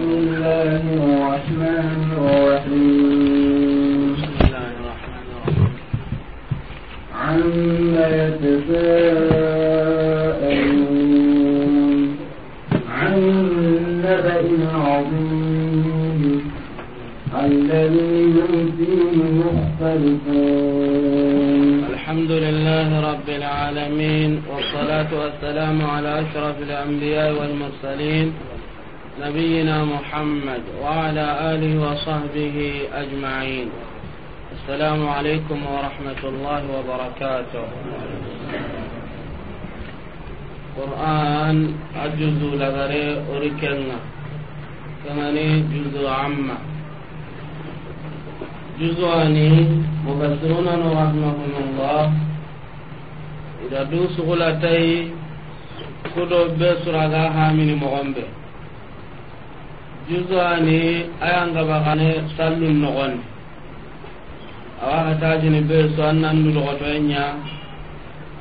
الله محمد وعلى آله وصحبه أجمعين السلام عليكم ورحمة الله وبركاته قرآن أجزء لغري أركنا كماني جزء عما جزءاني مبسرون رحمهم الله إذا دوس غلتي كدو بسرعة هامين مغمبه juzani ayangabakane sallun nogondi awa hatajini be so annandu logotoyenya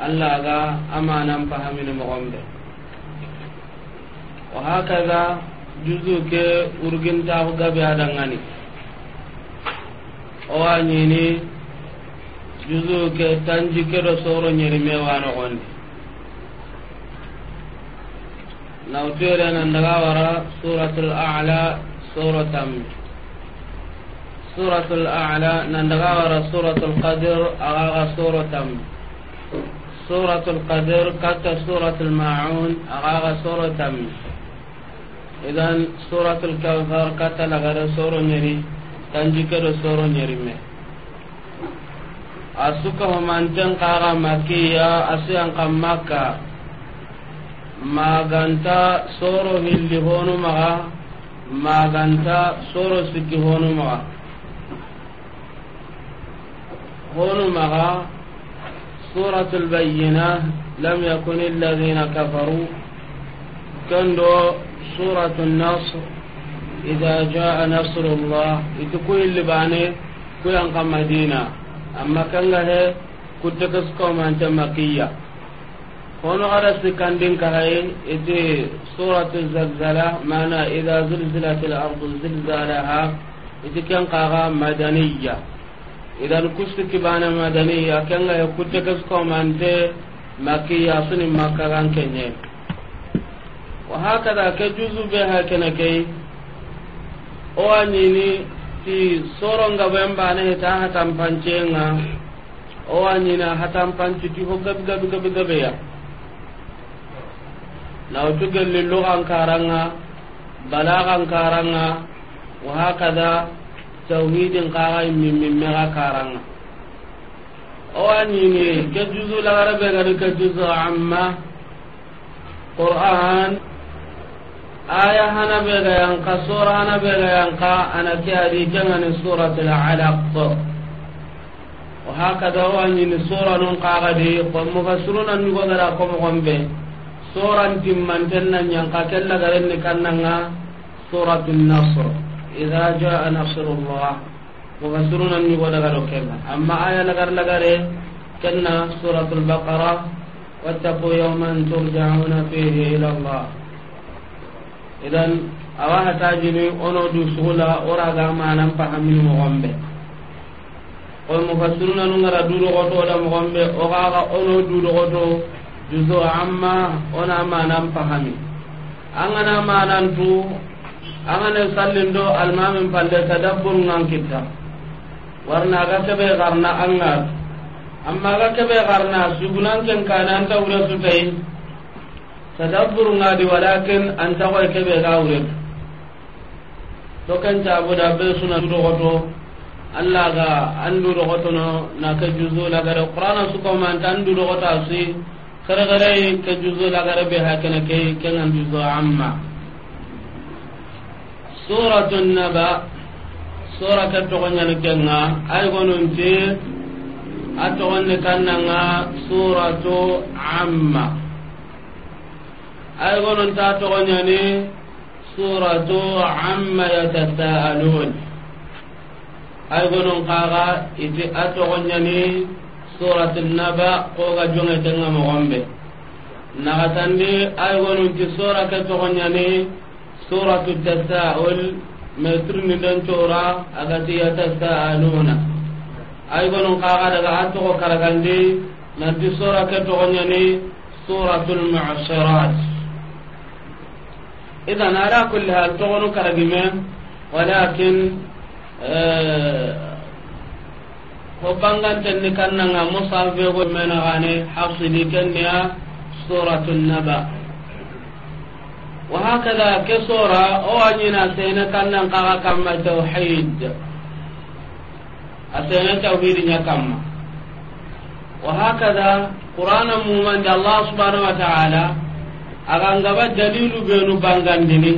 allah ga amanan pahamini mogonɓe wa hakaza juzu ke urgintaku gabe adangani owa ñini juzu ke tanji keɗo soro ñerimewa nogondi نوتير نغاورا سورة الأعلى سورة سورة الأعلى نندغاورا سورة القدر أغاغا سورة سورة القدر كتا سورة الماعون أغاغا سورة إذا سورة الكوثر كتا لغاورا سورة نيري تنجيكرا سورة نيري أسوكا هم قاغا مكية أسيان قام مكة maganta soro hilli honu maga maganta soro sikki honu maga honu maga suratul bayyina lam yakun alladhina kafaru kando suratul nasr idha jaa nasrullah itu ko illi bane ko yang kam madina amma kanga he kuttakas ko man ta makiyya hono gara sikkandin kahaye ite suratu zalzala mana idha zulzilatil al-ardu zilzalaha ite kan kaga madaniya idan kusti kibana madaniya kan ya kutte kas komante makiya suni makaran kenye wa hakada ke juzu be hakana kai o anini ti soronga bemba ne ta hatam pancenga o anina hatam panci ti hogab gab gab gab ya nawtu gelli lugan karanga balagan karanga wa hakada tauhidin kaga mimmimme ga karanga o owanini ke juzu lagarabe gadi ke juzu amma qur'an aya hana bega yanka sura hana bega yanka ana ke adi kengani suratul alaq وهكذا هو ni سورة نقاعد قم مفسرون أن يقول لكم قم به soran timmanten na ñanka ken lagarenni kannanga suratu nasr ida jaa nasrullah woga suruna ñugo lagaro kenga amma aya lagar lagare kenna suratu lbaqara wattaqu yawman turjauna fihi ila llah idan awa hatajini ono du sugula oraga manan pahamin mogonɓe koy mufassiruna nungara duɗogotoɗa mogonɓe ogaga ono duɗogoto juzo amma ona manan fahami an manan tu an gana sallin do almamin palle tadabbur ngan kitta warna ga kebe garna an ga amma ga kebe garna sugunan ken kana an tawre su tai tadabbur ngadi walakin an tawai kebe ga wure to kan ta boda be suna do goto Allah ga an do goto no na ka juzo la ga qur'ana su ko man tan do goto asi kare kare ka juzo la kare be hakana kai kenan juzo amma suratun naba sura ta to gonya ne kenga ay gonon te ato wonne kannanga suratu amma ay gonon ta to gonya ne suratu amma yatasaalun ay gonon kaga ite ato gonya ne surati naba koga jongetenga mogonɓe nagatandi aygonunti sura ke togoñani suratu tasaul metrni den cora agati yatasaaluna aygonun kaga daga a togo karagandi nanti sura ke togoñani suratu lmusirat idan ala kulli hal togonu karagime walakin eh, ko bangantenni kannanga mosafego menagane hafsini kenniya suratu naba wahakada ke sora owañina sene kannan kaga kamma tawhid asene tawhid ña kamma wahakada qur'ana mumande allah subhanahu wa ta'ala agangaba dalilu benu bangandini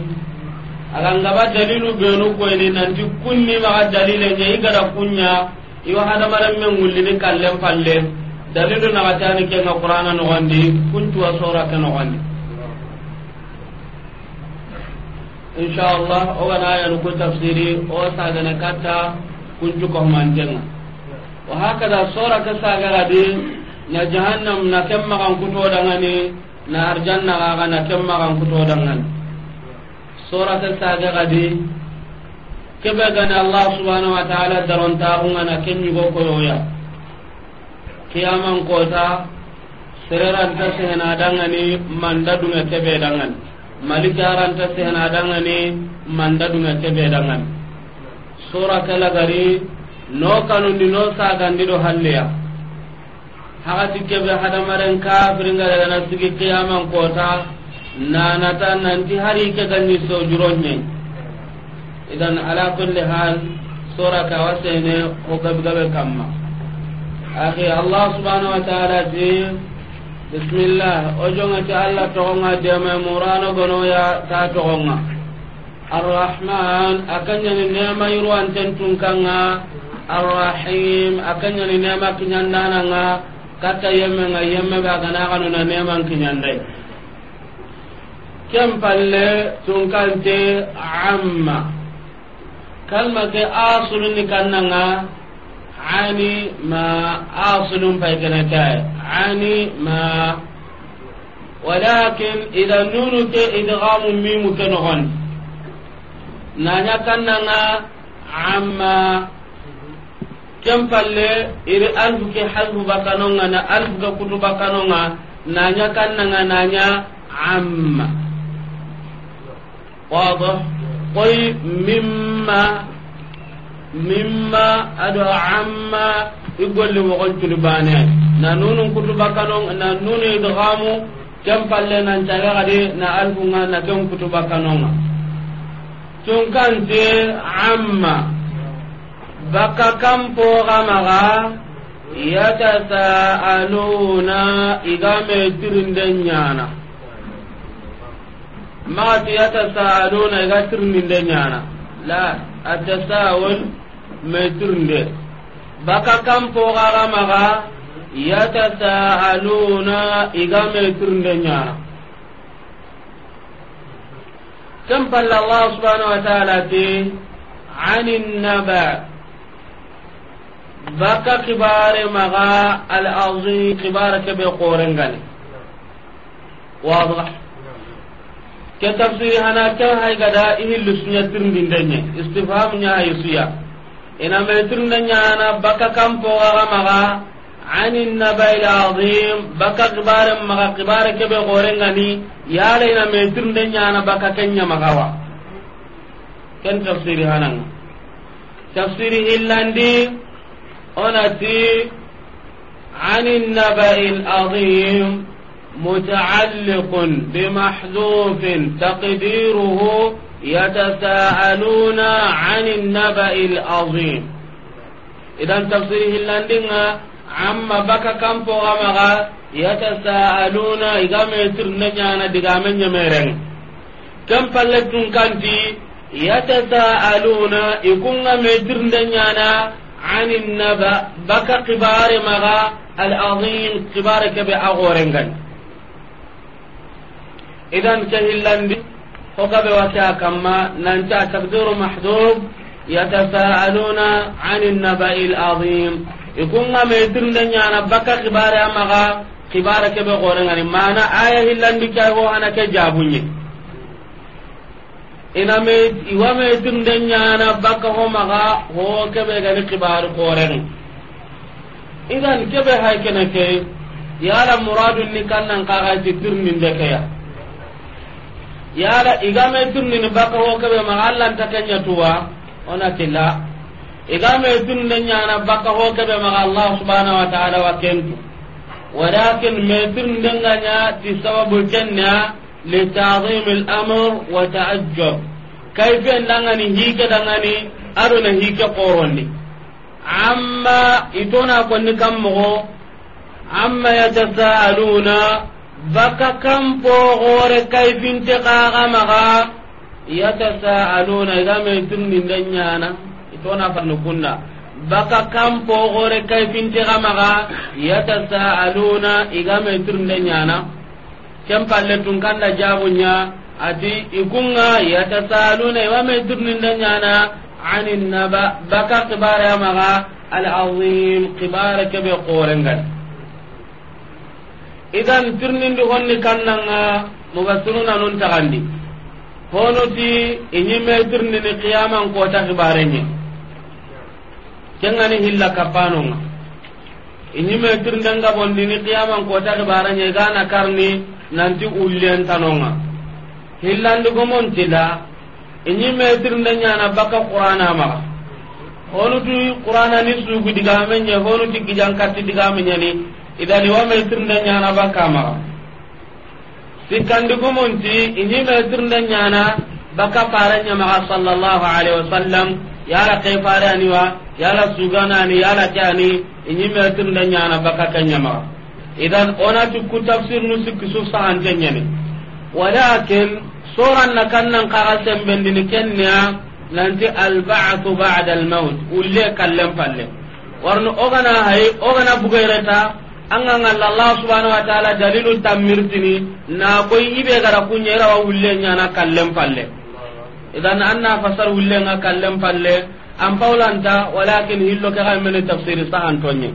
agangaba dalilu benu ni nanti kunni ma dalile ñe i gada kunya iwa hadamaren men wullini kallen palle dalilu ke na qur'ana wandi kuntuwa sora ke nogondi inshallah ogana yanuku tafsiri o kata kuntu ko kohmantenga wa hakada sora ke sagaradi na jahannam na kan kuto kutodangani na arjanna ga na ken magan kutodangani sora ke sagagadi kebe gane allah subhanahu wa ta'ala darontaxungana ke ñigo koyoya kiyaman kota sereranta sehena dangani manda dunga kebe dangan dangani maliki aranta sehena dangani manda dunga kebe dangani sura gari no kanundi no sagandi do halleya hakati kebe hadamaren kafiringa dagana sigi kiyaman kota nanata nanti hari ke ganni sojuronñeng idan ala kulli hal sura ka wasene o gabe gabe kamma akhi allah subhanahu wa ta'ala ji bismillah o jonga ta allah to nga de me murano gono ya ta to nga arrahman akanya ni nema yiru anten tunkanga arrahim akanya ni nema kinyandana nga kata yemme nga yemme ba kana kanu na nema kinyandai kem palle tunkante amma kalma ke asulun ni kannanga ani ma asulun pai kana kai ani ma walakin idan nunu ke idghamu mimu ke nogon nanya kannanga amma kem palle iri alfu ke halfu bakanonga na alfu ga kutu bakanonga nanya kannanga nanya amma wadah koy mimma mimma ado amma igolli wogon curi bane na nunun kutuba kanon na nunu idgamu kem palle nan caga na alfunga na kem kutuba kanonga tun kante amma baka kampo gamaga yatasaaluna igame tirinden nyana magatu yatasaaluna iga tirninde ñana la atasawol mai tirnde baka kam pogaga maga yatasaaluna iga mai tirnde ñana kem palla allah subhanau wa taala ti ani naba baka kibare maga al azim kibare kebe korengani ke tafsiri hana ke hay gada ihillu sunya tirndin denye istifham nya hay suya ina me tirnda nya na baka kampo ga maga ani nabail azim baka kibare maga kibare kebe gorengani yale ina me tirnda nya na baka kenya magawa ken tafsiri hanan tafsiri hillandi onati ani nabail azim متعلق بمحذوف تقديره يتساءلون عن النبأ العظيم إذا تفسيره اللندنة عما بكى كم فغمغا يتساءلون إذا ما يترنجانا دقامن يميرن كم فلتن كنتي يتساءلون يكون ما يترنجانا عن النبأ بكى قبار مغا العظيم قبارك بأغورنغا idan ke hillandi hokaɓe wake a kamma nanta takdiru mahdub yatasaaluna ani nabai lazim ikunga meitirnde ñana bakka kibare amaga kibara keɓe gorengani mana aya hillandi kay ho hana ke jabuñe ina iwa meitirnde ñana bakka ho maga ho keɓe gani kibaru idan keɓe hay kene ke yala muradun ni kannan kaga jitirninde keya yala igame tunnin baka ho kebe ma Allah ta kenya tuwa ona kila igame tunnin nyana baka ho kebe ma Allah subhanahu wa ta'ala wa kentu walakin me tunnin nya ti sababu kenna li ta'zim al-amr wa ta'ajjub kayfe ndangani hike dangani adona hike qorondi amma itona konni kammo amma yatasaaluna baka kampo gore kai finte kaga maga yatasaaluna igame na ndenyana na farno kunna baka kampo gore kai binte kaga maga yatasaaluna igame tirni ndenyana kempalle tun kanda jabunya ati ikunga yatasaaluna igame tirni ndenyana na naba baka kibara maga al azim kibara kebe qorengan idan pirnindi honni kamnanga moga sununa nun taxandi honuti iñime pirnini qiyaman kota xibare ñe kengani hilla kappanonga iñime pirndenga bondini qiyaman kota xibare ñe igana karni nanti ullentanonga hillandi gomon tila iñime pirnde ñana bakka qurana maxa honuti qurana ni sugu digame ñe honuti gijankatti digame ñeni idan iwa metirnde ñana bakkamaxa sikkandigomunti iñi metirnde ñana bakka fare ñamaxa sallallahu alaihi wasallam yala ke fare aniwa yala suganaani yala ke ani iñi metirnde ñana bakka ke ñamaxa idan onati ku tafsir nu sikki suf sahante ñani walakin soranna kannan kaxa ni kenniya nanti albaatu bada almaut ulle kallen palle warno ogana hay ogana bugayreta anga ngalla allah subhanahu wa ta'ala dalilun tamirtini na koy ibe gara kunya rawa hulle nyana kallem palle idan anna fasar hulle nga kallem palle am paulanta walakin hillo ka gamen tafsir sahan tonye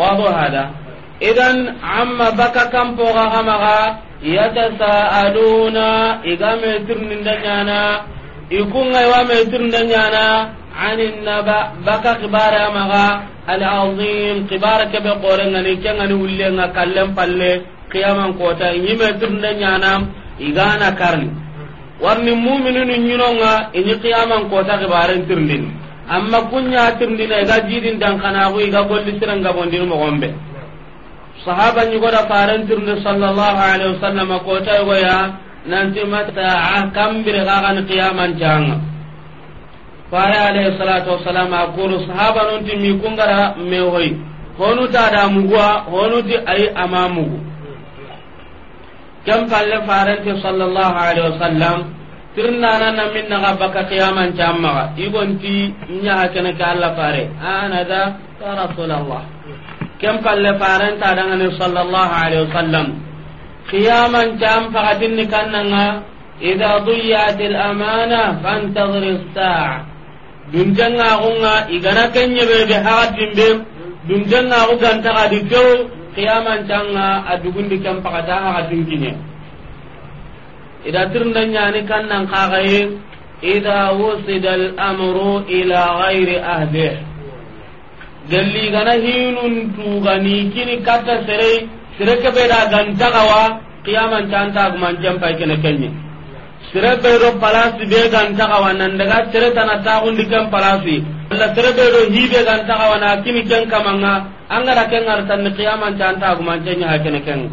wado hada idan amma baka kam poga gamaga yatasaaluna igame tirninda nyana ikunga wa me tirninda nyana عن النبأ بكى كبار مغا العظيم كبار كبه قورن غني كان غني ولين كلم فله قياما كوتا يما تبن نيانام إغانا كارني warni mumininu ñinonga ini qiyaman kota xibaren tirndini amma kunya tirndina iga jidin dankanaku iga golli sirangabondini mogonɓe sahaba ñigoda faren tirndi sallallahu alaihi wasallam kota igoya nanti mataa kambire xaxani qiyamancanga fare alayhi salatu wassalam a koro sahaba nun ti mi kungara me hoy honu ta da muguwa honu ti ayi ama mugu kam palle farante sallallahu alaihi wasallam tirna na na min na baka qiyaman jamma ibon ti nya kana ka Allah fare ana da ya rasulullah kam palle faranta da ngani sallallahu alaihi wasallam qiyaman jam faqatin kanna idha dhiyat al amana fantadhir as-sa'a dunjanga gonga igana kenya be be hakatin be dunjanga go ganta ga di ko qiyaman tanga adugun di kam pakata hakatin kinya ida tirnda nyani kannan kagaye ida wusida al-amru ila ghairi ahlihi galli gana hinun tugani kini kata sere sere kebe da ganta gawa qiyaman tanta guman jampa kene kenya do palasi daga gantaxawa ta seretana taxundi kan palasi walla sereɓeɗo hiɓe na kini ken tan ta guman ken ha ken ken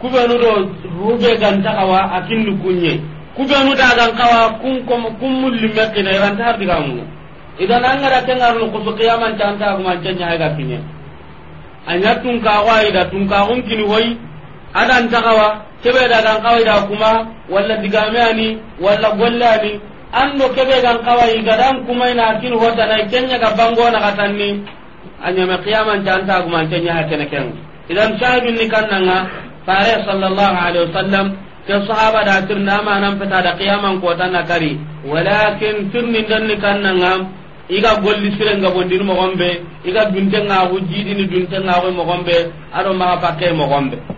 kubanu kene kenga gan ɗo huɓe gantaxawa a kinni kunñe kuɓenu dagan kawa kun mullime kina iranta hardigamuga idan angara ta guman ken ha ga kinye anya tun ka a ida tun ka hun kini hoyi adan taxawa kebe da dagan kawai da kuma walla digame ani walla golle ani ando kebe gan kawai gadan kuma ina kin hota na kenya ga bango na katanni anya me qiyaman janta kuma kenya hakene ken idan shahidun ni kannanga fare sallallahu alaihi wasallam ke sahaba da tirna ma nan fita da qiyaman ko tan na kari walakin tirni dan ni kannanga iga golli siren ga bondin mo gombe iga duntenga hujidi ni duntenga ko mo gombe ado ma pakke mo gombe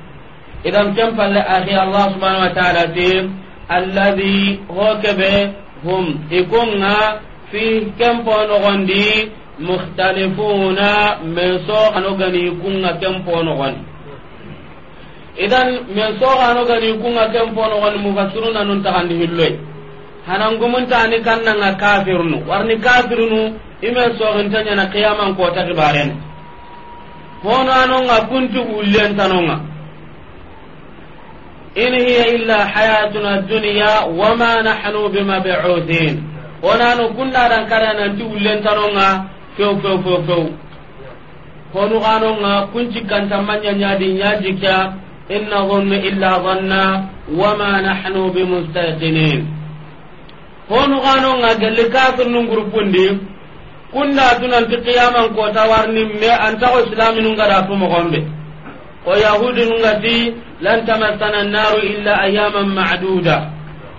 idan kem palle akhi allah subhanahu wa ta'ala te alladhi hokebe hum ikunga fi kem pono gondi mukhtalifuna men so kanu gani kunga kem pono gondi idan men so kanu gani kunga kem pono gondi mufassiruna nun ta kandi hilloy hanan gumunta ni kannanga kafirnu warni kafirnu ime sogintanya na ko kota kibaren hono anonga kuntu ullentanonga in hiya illa hayatuna dunya wama nahnu bimab'udin onano gunna dan kada nan ti ullen tanonga feo feo feo feo honu anonga kunci kanta manya nyadi nyajika inna dhanna illa dhanna wama nahnu bimustaqinin honu anonga gelle kafir nun gurupundi kunda tunan ti qiyaman ko tawarni me anta ko islamin ngada to mo ko yahudi nunga ti lan tamassana annaru illa ayyaman ma'duda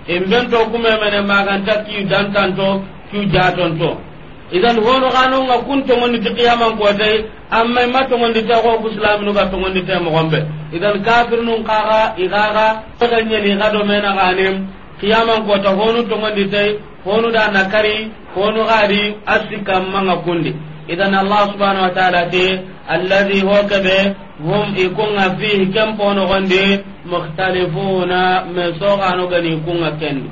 in ben to kuma mene maganta ki dan tanto ki jaton to idan hono gano nga kunto mon di qiyamam ko dai amma ma to mon ko islam nu ga to mon di ta mo gombe idan kafir nun qara igaga to dan ni ga do mena ganem qiyamam ko to hono to mon di tai hono da nakari hono gari asikam ma nga kundi idan allah subhanahu wa ta'ala de alladhi huwa hum ikunga fihi ken ponogondi mukhtalifuna me soganogani ikunga kendi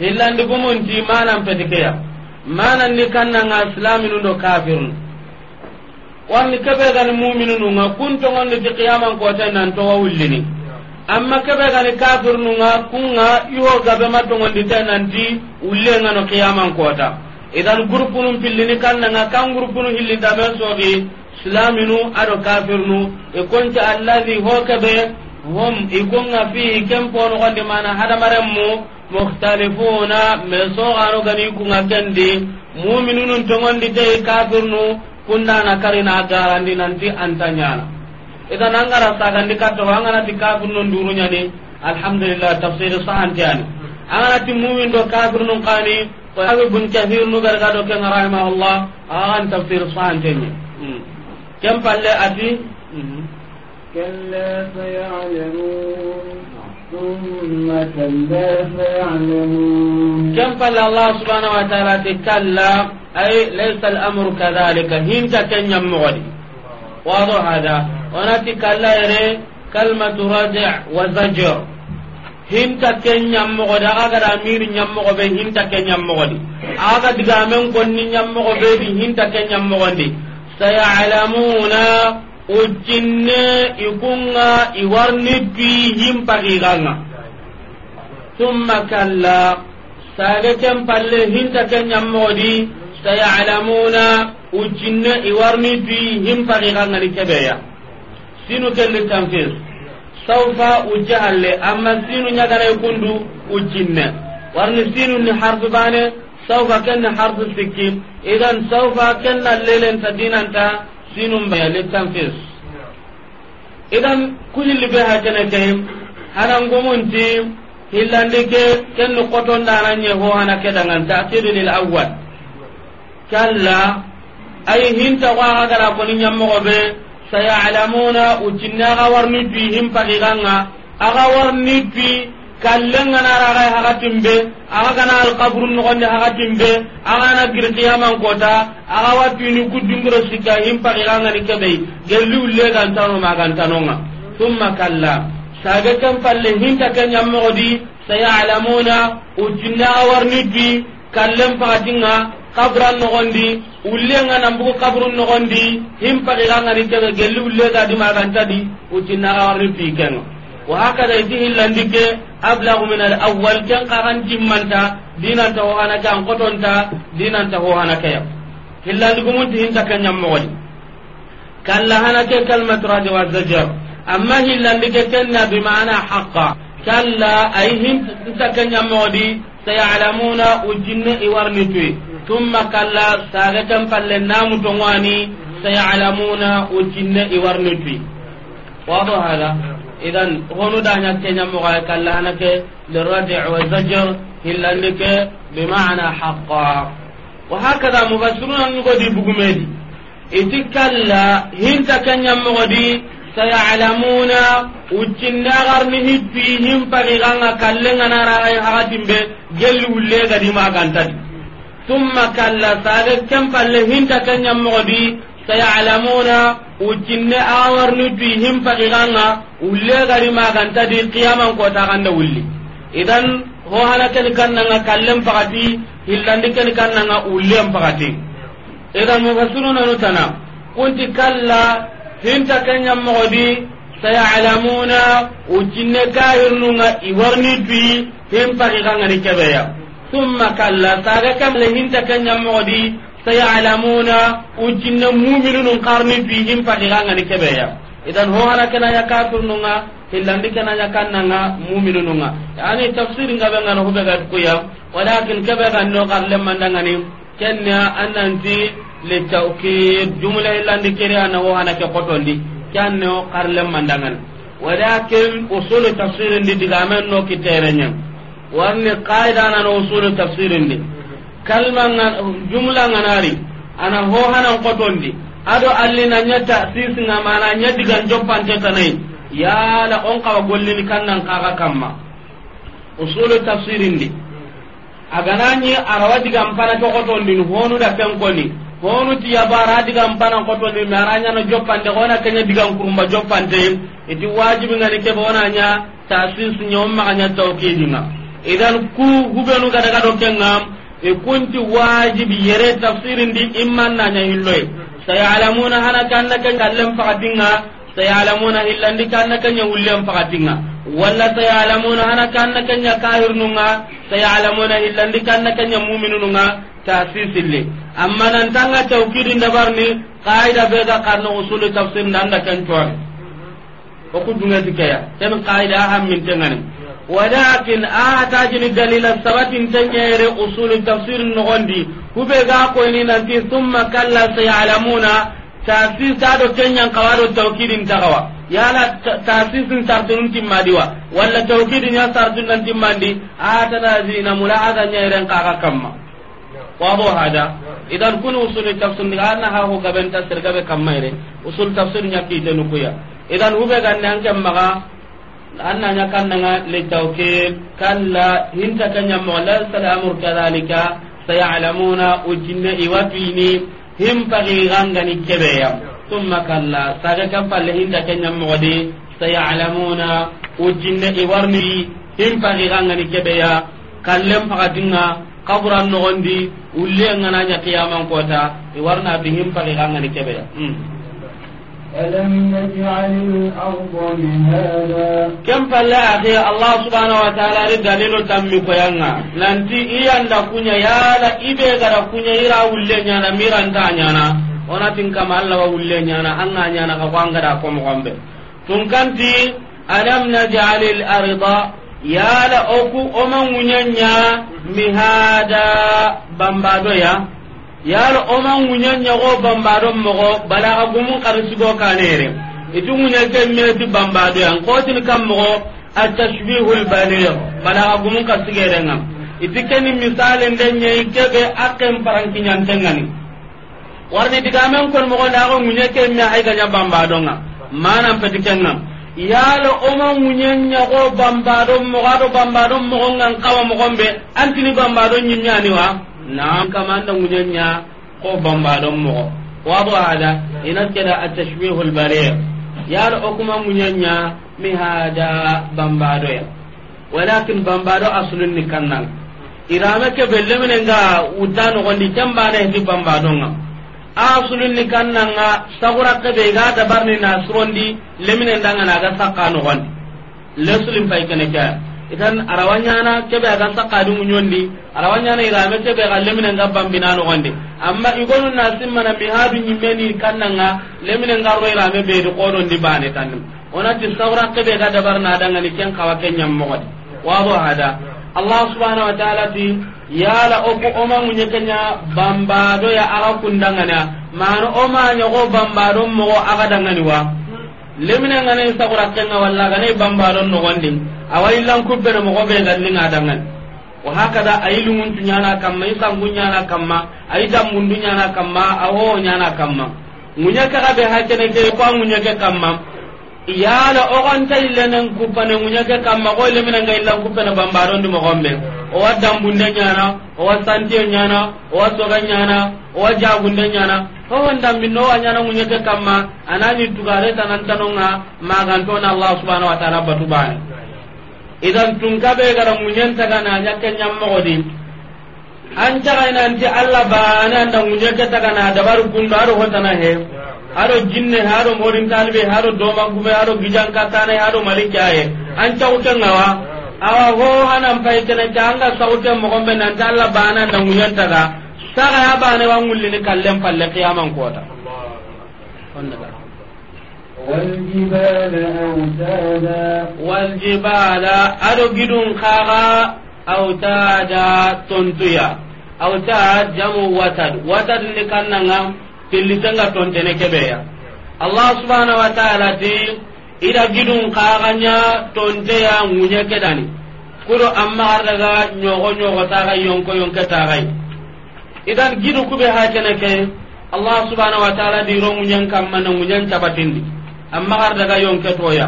hillandi gumunti manan petikeya manandi kannanga silaminundo kafirun warni kebe gani muminununga kuntogondi ti qiyaman koten nantowa wullini amma kebe gani kafirnunga kunga iho gabe matogondi te nanti wullengano qiyaman kota idan gurupunu pillini kannanga kan gurupunu hillindamen sogi silaminu aɗo kafirnu e konti allahi ho keɓe hom i e konga fihi kenponogondi mana hadamaren mu muxtalifuna ma soganu gani kunga kendi muminunun togondi tei kafirnu kunnana karina garandi nanti antañana ida nangara sagandi kattoo anganati kafirnu nduruñani alhamdulillah tafsiri sahantiyani anganati mumin ɗo kafirnu kani abi bun kahir nugargaɗo kenga rahimahullah aan tafsir sahanteñi كم فل أتي كلا سيعلمون ثم كلا سيعلمون كم فل الله سبحانه وتعالى كلا أي ليس الأمر كذلك هنت كن يمغني واضح هذا ونأتي كلا يري كلمة رجع وزجر hinta ken ñammogo de aga gara miri ñammogo be hinta ken ñammogo di aga digamen konni ñammogo be di hinta ken ñammogo di sayalamuna ujinne ikunga iwarni hin himpagiganga summa kalla sage ken palle hinta ken ñammogodi sayalamuna ujinne iwarni dwi himpagiganga ni keɓeya sinu kelli tanfir saufa ujjahalle amma sinu ñagana ikundu ujinne warni sinu ni harfi bane سوف كن حرف التكيم إذا سوف كن الليل أنت دين أنت سين بيا للتنفيس إذا كل اللي بها كن كهم أنا نقوم أنت إلا أنك كن قطن دارني هو أنا كذا أنت تأثير للأول كلا أي هنت وأغادر أكون يمغو به سيعلمون وجنا غورني فيهم فقيغانا أغورني فيه kallengana raga hagatimbe aga gana alkaburu nogonde timbe aga na gir kiyaman kota aga watini kuddungiro ka himpakigangani kebei gelli ulle gantano magantanonga summa kalla sage ken palle hinta ke ñammogodi sayalamuna utinna awarniddi kallen pagatinga kabran nogondi ullenga nambugu kabrun nogondi himpakigangani kebe gelli ulle kenga وهكذا يديه لندك أبلغ من الأول كان قرن جمانتا دينا تهوانا كان قطنتا دينا تهوانا كيا إلا لكم انتهين تكن يمغل كان لهنا كلمة راد والزجر أما هي لندك كنا بمعنى حقا كان لا أيهم تكن يمغلي سيعلمون وجن إورنتوي ثم كان لا ساغتم فلنام تنواني سيعلمون وجن إورنتوي واضح هذا idan honu danya kenya moga kala anake lirad wa zajr hillandike bima'na haqqa wa hakada mufassiruna ngodi bugumedi itikalla hinta kenya mogodi sayalamuna uccindagarni hippi himpagiganga kallenganaragai hagatimbe gelli wullegadi magantadi tumma kalla sage ken palle hinta kenyamogodi sayalamuna ujinne awarni dui himpakiganga ulle gari magantadi qiyaman kotaxanda wulli idan ho hana keni kannanga kallen pakati hillandi keni kannanga ullen pakati idan mufassirunanu tana kunti kalla hinta kenyammoxodi sayalamuna ujinne kahirnunga iwarni dui himpakigangani keɓeya summa kalla saga kamle hinta kenyammoxodi sayalamuna ujinna mu'minun qarni bihim faqiranga ni kebeya idan ho hana kana ya kafir nunga hillandi kana ya kannanga mu'minun nga yani tafsir nga be ngana hubega ko ya walakin kebega no qarle mandanga ni kenna annanti le tawkid jumla hillandi kere ana ho hana ke kotondi kenno qarle mandangan walakin usul tafsir ndi digamen no kiterenya warni qaida na usul tafsir ndi kalma jumla nganari ana ho hanan kotondi ado alli na nya tasis nga mana nya digan joppan tetanai ya la on kawa gollini kannan kaga kamma usulu tafsirin di aganani arawa digan pana to kotondi honu da penkoni honu ti yabara digan pana kotondi maranya no joppan de ona kenya digan kurumba joppan te iti wajibi ngani ke bona nya tasis nyomma nya tawkidinga idan ku hubenu gada gado kengam e kunti wajibi yere di imman na nya hilloy sayalamuna hana kanna kan kallam faqatinga sayalamuna illandi kanna kan nya ullem faqatinga walla sayalamuna hana kanna kan nya kahirnunga sayalamuna illandi kanna kan nya mu'minununga tasisille amma nan tanga tawkidin dabarni qaida be ga karno usul tafsir nan da kan tuwa o ku dunga dikaya tan qaida ham min tengani walakin a tajini dalila sabatin tanyere usul tafsir nogondi kube ga ko ni nanti thumma kalla sayalamuna tasis ta do kenyan ta tawkidin tagawa yala tasisin sartunun timmadiwa walla tawkidin ya sartun nan timmandi a tanazina mula'ada nyairen kaka kamma wado hada idan kun usul tafsir ni anna ha ho gaben tasir gabe kamma ire usul tafsir nyaki denukuya idan hube ganne an kemma anna nya kannanga li tawkil kalla hinta kanya mo la salamur kadhalika sayalamuna ujinna iwatini him pagi gangani kebeya thumma kalla saga kam palle hinta kanya mo de sayalamuna ujinna iwarni him pagi gangani kebeya kallem pagadinga kaburan nogondi ulle ngana nya kiyaman kota iwarna bi him pagi gangani kebeya mm. ألم نجعل الأرض مهادا كم فلا أخي الله سبحانه وتعالى دليل دم كيانا لانتي إيان دا يا لا إبه غدا كنيا إيرا ولنيا نا ميران ona tin kama Allah wa wulle nyana an ga nyana ka ko an ga da ko mo gambe tun kanti alam naj'al al ya la oku o man munyanya mihada bambado ya yalo oma ngunya nyago bambado mogo balaga gumun karisigo kanere itu ngunya kemmeti bambado yang kotin kam mogo atashbihu albaligh balaga gumun kasigerenga iti keni misalen den nyai kebe akem parankinyan tengani warni digamen kon mogo ndago ngunya kemme ay ganya bambado nga manam petikenga yalo oma ngunya nyago bambado mogo do bambado mogo ngan kawa mogo be antini bambado nyinyani wa na'am kamanda ngunyanya ko bamba don mo wado hada ina keda at-tashbih al-bari' yar o kuma ngunyanya mi hada bamba do ya walakin bamba do aslun ni kannan irama ke belle minen ga utano gondi tamba ne di bamba do nga aslun ni kannan ga sagura ke be ga da barni na surondi leminen danga na ga sakka no gondi lesulin fay kene ka idan arawanya kebe aga me ŋuñondi arawanyana irame kebe ga lemine na no wande amma igonu na simmana mi hadu ñimmeni kannanga lemine ga ro ko don di bane ti saura ke kebe ga dabar ni ken kawa ke wa wado hada allah subhanahu wa taala ti yala oku oma munye kenya do ya aga kundangana mana oma bamba do mo aga ni wa ne saura ken na walla do no wande awa illan kubbene mogo be gallinga dangan wa hakada ayi lunguntu nyana kamma i sangu nyana kamma ayi tammundu nyana kamma awo nyana kamma ngunya kaga be hakene ke ko ngunya ke kamma iyala ogonta illenen kuppane ngunya ke kamma ko ile minanga illan kuppene bambarondi mogombe owa bunde nyana o santie nyana o wasoga nyana waja bunde nyana ko wanda minno nyana ngunya ke kamma anani tanonga nantanonga magantona allah subhanahu wa ta'ala batubane idan tun kabe gara munyen taga na nya kenya di an taga ina anti alla bana nda munyen ke taga na dabar gundo aro hota na he aro jinne haro morin talbe haro doma gube haro gijan katane haro malika ye an tawta ngawa awa ho hanan pai kana tanga saute mogombe nan talla bana nda munyen taga saka ya ne wa ngulli ni kallem palle qiyamang kota on والجبال أوتادا والجبال أرجل خاغا أوتادا تنتيا أوتاد جمع وتد وتد لكننا تلتنغا تنتني كبيا الله سبحانه وتعالى دي ida gidun kaganya tonteya ngunya kedani kuro amma ardaga nyogo nyogo taga yonko yonke tagai idan gidu kube hakene ke allah subhanahu wa ta'ala di ro ngunyan kamma na ngunyan tabatindi amma har daga yonke toya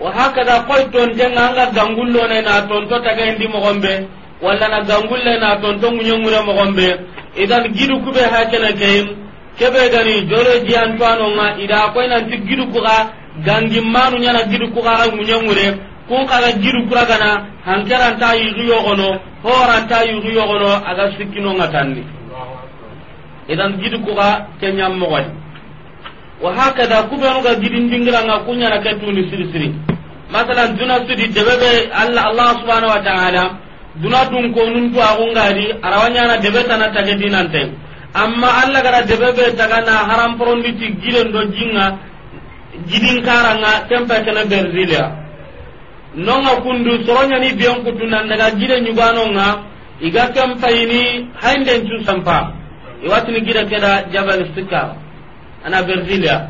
wa hakada koy ton jenga anga gangullo ne na ton to taga indi mo gombe walla na gangulle na ton to munyo mure mo gombe idan gidu kube hakena kayim kebe gani jolo ji antwano nga ida koy nan ti gidu kuga gangi manu nyana gidu kuga ga munyo mure kun kaga gidu kura kana hankaran ta yi yo gono horan ta yi yo gono aga sikino ngatanni idan gidu kuga kenyam mo gombe wa hakada kubenu ga gidin dingira nga kunya na kai ni siri siri masalan duna di debebe alla allah subhanahu wa ta'ala duna dun ko nun tu agunga di arawanya na debe tana tage te amma allah gara debebe daga na haram porondi ti gilen do jinga gidin karanga tempa kana berzilia nonga kundu soronya ni biyon kutuna daga gilen nyubanonga iga tempa ini hainden tu sampa iwatini gida keda jabal istikara ana virgilia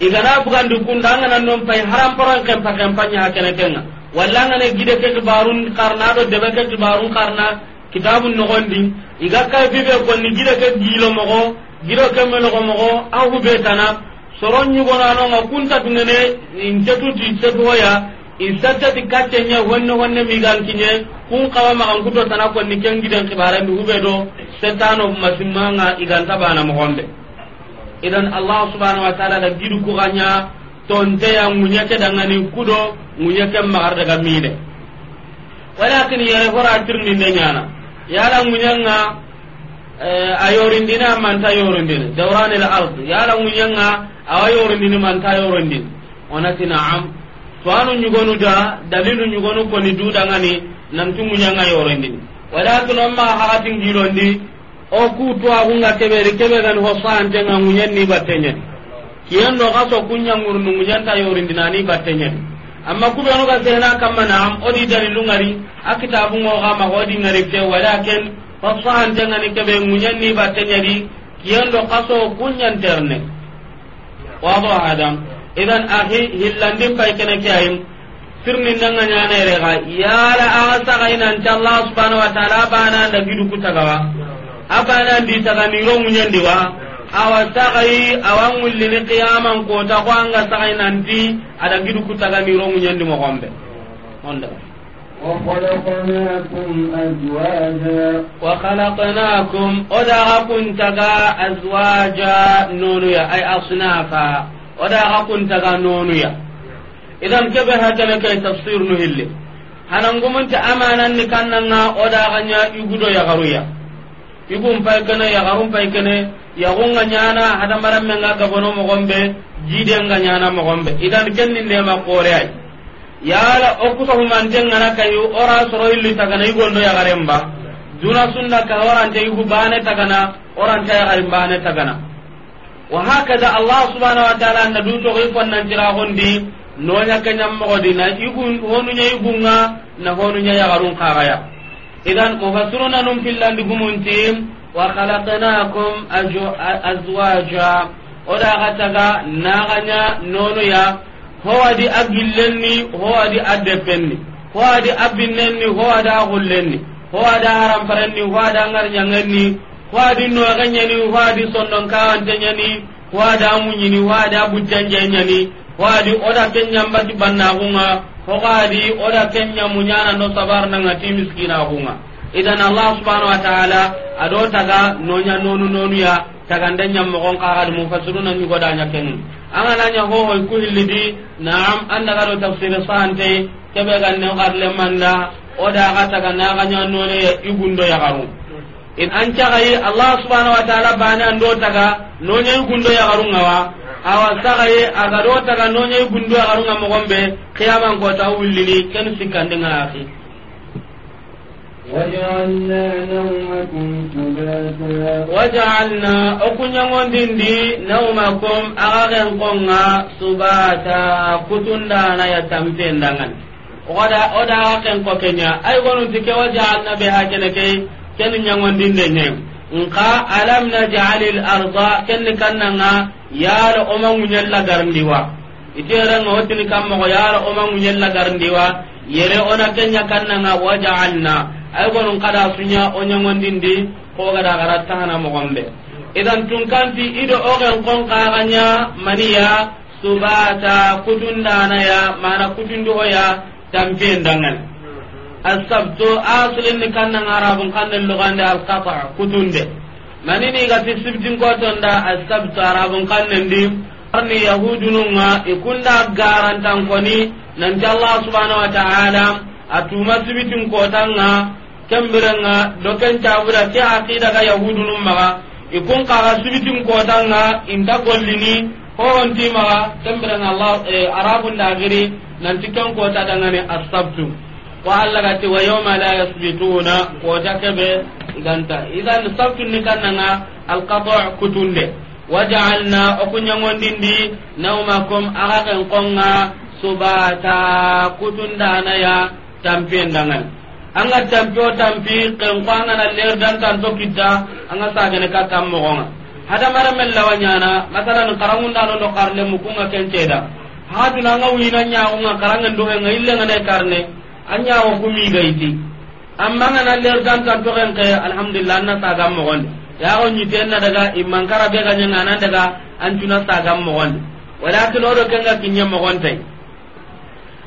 igana bugandi kunda angana non pay haram paran kempa kempanya hakene kenga walla angana gide ke karna do debe ke karna kitabun iga bibe gide ke gilo mogo gido ke mogo betana soron nya wonne mi gal kinye kun kawa ma an kuto tana kengi den du do setano masimanga iganta bana idan allah subhanahu wa ta'ala da gidu ku ganya tonte ya munyake dangani kudo ke magar daga mine walakin yare hora tirni ne nyana yala munyanga eh, a yorindina manta yorindini dawran al ard yala munyanga awa yorindini manta yorindini onati na'am to anu nyugonu da dalilu nyugonu koni du nan tu dangani nantu munyanga yorindini walakin amma hakatin girondi o kutu agunga keɓeri keɓe gani ho sahantenga ŋuñenni batteñeni kiyen do ga so kunya ngurnu ngujanta yorindi nani battenye amma kube be ga sehna kama na am odi dalilu ngari akita bu ngo ga ma odi ngari ke walakin fasahan tanga ni ke be ngunyanni battenye di kiyen do kaso kunyan terne wa ba adam idan ahi hillandi kai kene kiyayim sirni nanga nyana re ga yala asa ga inan ta allah subhanahu wa taala bana da gidu kutagawa abana ndi tagani ronguñandi wa awa sagai awa ngullini qiyaman qiyama ko anga sagai nanti ada gidu ku munyandi mo mogonɓe onda وخلقناكم أزواجا وخلقناكم أدعى كنت أزواجا نونيا أي أصنافا أدعى كنت نونيا إذا كيف هذا تفسير نهلي hanangumunti amananni kannanga odaxanya igudo yaxaruya ibun pay kene yagarum pay kene yagunga ñana hadamaranmenga gabono mogonɓe jidenga ñana mogonɓe idan kenni ndema kore ay yala o kutahumantengana kayu ora soro illi tagana igondo yagaremba duna sunna ka orante igu bane tagana oranta yagarim bane tagana wa hakada allah subhanahu wa taala na du togo i fonnantiragondi noña keñammogodi na igun honuña igunga na honuña yagarun kagaya idan mufassiruna num fillandi gumunti wa khalaqnakum azwaja oda gataga naganya nono ya howadi agillenni howadi adeppenni howadi abbinnenni howada agullenni howada haramfarenni howada ngarñangenni howadi nogeñani howadi sondonkawanteñani howada muñini howada bujjanjeñani howadi oda ke banna bannagunga hogadi oda kenya munyana no sabar na ngati miskina hunga idan allah subhanahu wa ta'ala ado taga nonya nonu nonu ya taga ndanya mogon qagal mufassiruna ni godanya ken anga nanya ho ho ku na'am anda garo tafsir sante kebe ganne garle manda oda ga taga na ganya none ya garu in an cagayi allah subhanahu wa taala bani an do taga noñayi gundo yagarunga wa awa sagaye aga do taga noñayi gundo yagarunga mogonɓe kiyamankota wullini ken sikkandinga axi wajaalna okuñagondindi naumakum aga ken konga subata kutundana ya tampendangani oda aga ken ko kenya ay gonunti ke wajaalna ɓe ha kene key ken ñangondinde ñeng nka alam naj'al al arda ken kannanga yala o ma ŋuñella garndi wa iterenga hotini kam mogo yala o ma ŋuñella garndi wa yere ona kenya kannanga waja'alna ay gonun kada o ñangondindi kogada gara tahana mogonɓe idan tunkanti ido kon maniya subata kutundanaya mana السبت أصل إن كان عرب كان اللغة القطع كتند manini gati sibtin kotonda asabtu arabun kannendi arni yahudununga ikunda garantankoni nanti allah subhanahu wa ta'ala atuma sibitin kotanga kembirenga doken cabura ke aqida ga yahudunun maga ikun kaga sibitin kotanga inta gollini horonti maga kembirenga allah eh, arabun dagiri nanti ken kota dangani asabtu ko Allah ga ti wa yawma la yasbituna ko ta kebe iganta idan sabtun ni kannanga al qata' kutunde waja'alna okunyangondindi naumakum aga ken konga subata kutundana ya tampendangan anga tampi o tampi kenkwana na ler dan tanto kita anga sagene ka tammogonga hada mara mellawa nyana masalan karangunda no do karle mukunga kenceda hadu na nga wina nya anya wa gumi gaiti amma ngana ler dan kan to kan kay alhamdulillah na ta gam mo ya on ni tenna daga imman kara be ganya ngana daga an tuna ta gam mo won walakin odo kan ga kinya mo won tay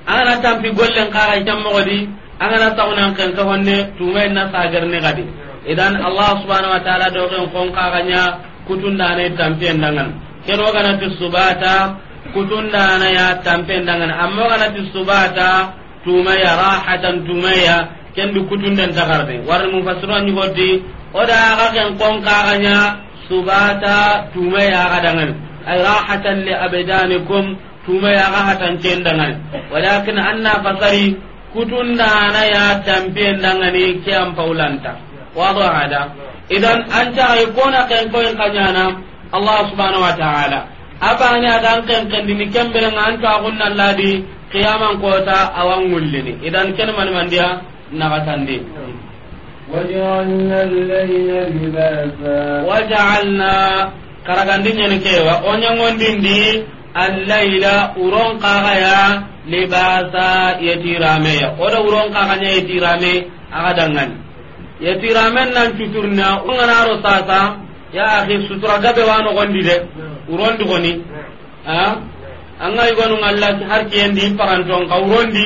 angana tampi gollen kara itam mo di angana tawnan kan ka honne tumay na ta gar ne gadi idan allah subhanahu wa ta'ala do kan kon kara nya kutunda ne tampi endangan kero gana tu subata kutunda na ya tampi endangan amma gana tu subata tumaya rahatan tumaya kendi kutunden tagarde warni mufassiro ñigoti oda aga ken konkaganya subata tumaya aga dangani ay rahatan li abdanikum tumaya aga hatan ken dangani walakin anna fasari kutun dana ya tampien dangani ke an paulanta wado hada idan an taxay kona ken koyen kañana allah subhanahu wa taala abane adan ken kendini kemberenga an toagunnalladi qiyaman kota awan ngullini idan ken man man dia nagatandi wajalna karagandi nyen kewa onya ngondindi allaila uron qagaya libasa yatirame ya oda uron qaganya yatirame agadangan yatirame nan tuturna ngararo sasa ya akhi sutura gabe wano gondide uron digoni anga igonu ngalla har kendi paranton kawrondi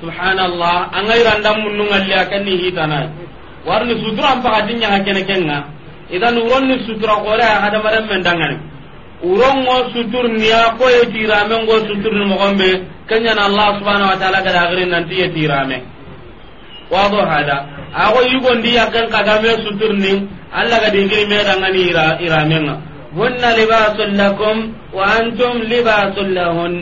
subhanallah anga irandam munnu ngalli akanni hitana warni sutura am pakati nya hakene kenga idan uronni sutura gore hada maram mendangani ngo sutur niya ko e tirame ngo sutur ni mogombe kenya na allah subhanahu wa taala gada agrin nanti e tirame wado hada ago yugo ndiya kan kagame sutur ni allah gadi ngiri me dangani ira iramenga ira hunna libasun lakum wa antum libasun lahun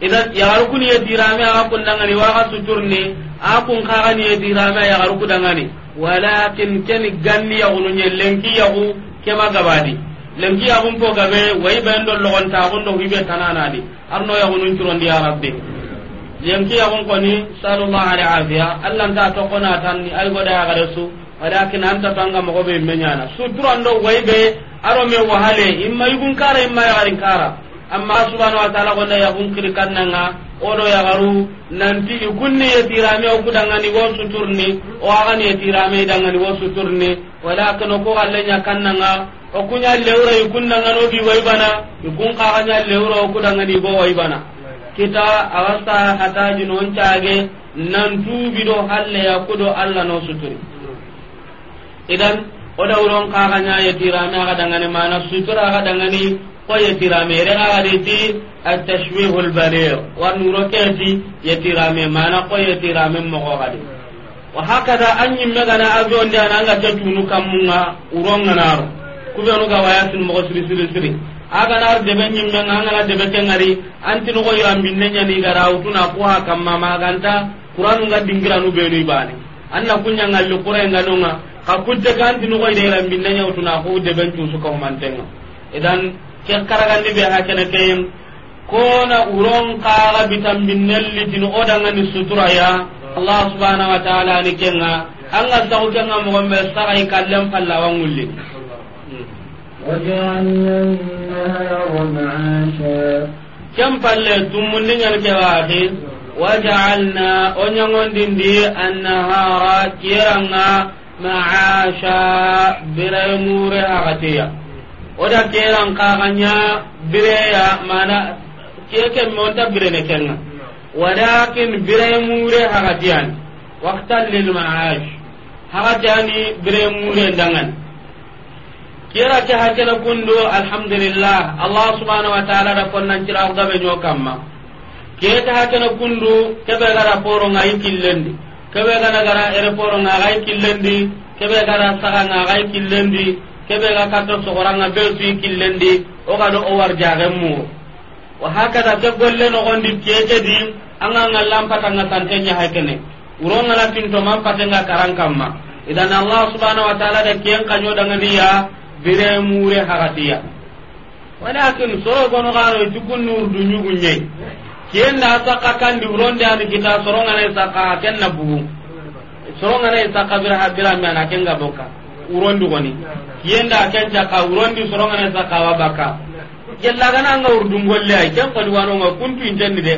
idan yagarukuni ye dirame aga kundangani waga suturni a kun kagani ye dirame a yagaruku dangani walakin keni ganni yagunu nye lenki yagu kema gabadi lenki yagun po gabe wayi ben do logontagun do hibe tananadi arno yagunun curondi ya rabbi lenki yagun koni sallallahu alaihi wa sallam allah ta tokonatani ay goda yagare dasu. walakin anta tanga mo be menyana sudran do waybe aro me wahale imma yugun kara imma yarin kara amma subhanahu wa ta'ala gonna ya gun kiri kannanga odo ya garu nanti igunni ya tirame o kudangani wo suturni o agani ya tirame dangani wo suturni walakin ko allenya kannanga o kunya lewra igunnanga no bi waybana igun ka ganya lewra o kudangani bo waybana kita awasta hataji non caage nan tuubi do halle ya kudo alla no suturi idan o dawron kaga nya ya tirame aga dangane mana sutura aga dangane ko ya yetirame re aga reti at-tashwih al-baligh wa nuro ya tirame mana ko ya tirame mo ko gadi wa hakada anyi megana ajo ndana anga tetunu kamunga ku naro kubenu ga wayatin mo siri siri siri aga nar debe nyimme anga na debe tengari antinu ko yambinne nyani garawtuna ko hakamma maganta qur'anu ga dingiranu benu ibani anna kunya ngallu qur'an ganonga ka kudde ganti no goyde ran binna na ko de ben tu su ko mantenga idan ke karagandi be ha kene kayem kona na kala bitam binnelli tin odanga ni sutura ya allah subhanahu wa ta'ala ni kenga anga sawu kenga mo gombe sarai kallam palla wangulli وجعلنا النهار معاشا كم فلت من الكواكب وجعلنا أنيون دندي النهار كيرنا maasha bire mure agatiya oda keran kaganya bire ya mana keke monta bire kenga walakin bire agatiyan waqtan lil maash agatiyani bire dangan kira ke hakela kundo alhamdulillah allah subhanahu wa ta'ala da konnan kira gabe nyokamma keta hakena kundu kebe gara poro ngai killendi kebe gana gara airport nga gai killendi kebe gara saka nga gai killendi kebe ga kato sokora nga besu killendi o ga do o warja gemu wa hakada ke golle no gondi keke di anga ngallam patanga santenya hakene uronga na tinto man patenga karankamma idan allah subhanahu wa ta'ala da kiyan kanyo daga niya bire mure hakatiya walakin soro gono garo tukunnu urdu nyugunye kenda saka kandi uronde ari kita soronga na saka kenna bugu soronga na saka bira habira me na kenga boka urondi goni kenda kenja ka urondi soronga na saka wabaka jella gana nga urdum golle ay ken ko wano nga kuntu intenni de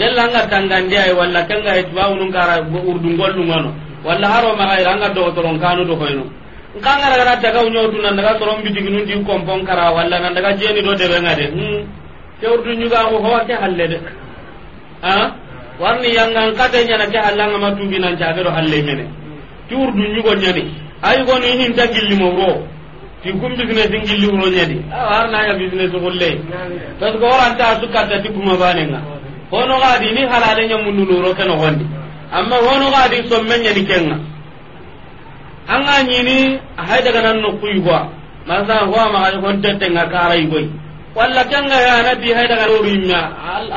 jella nga tangande ay walla kenga et bawu nun kara urdum gollu ngano walla haro ma ay ranga do toron kanu do koyno ngangara gara daga unyo tunan daga soron bidiginun di kompon kara walla nan daga jeni do de benga de hmm ke urdu nyuga ko ho ke halle de a warni yangan kate nyana ke hallanga matumbi nan jagero halle mene ti urdu nyugo nyani ay goni hinta gilli mo ro ti kum business gilli ro nyadi awar na ya business golle tas go anta su ta ti kuma bane nga. hono ga di ni halale nya mundu ro keno gondi amma hono ga di somme an kenga anga ni hay daga nan no kuyi gwa masa gwa ma ga honte tenga karai goy walla kenga ya na bi hay daga ro rimma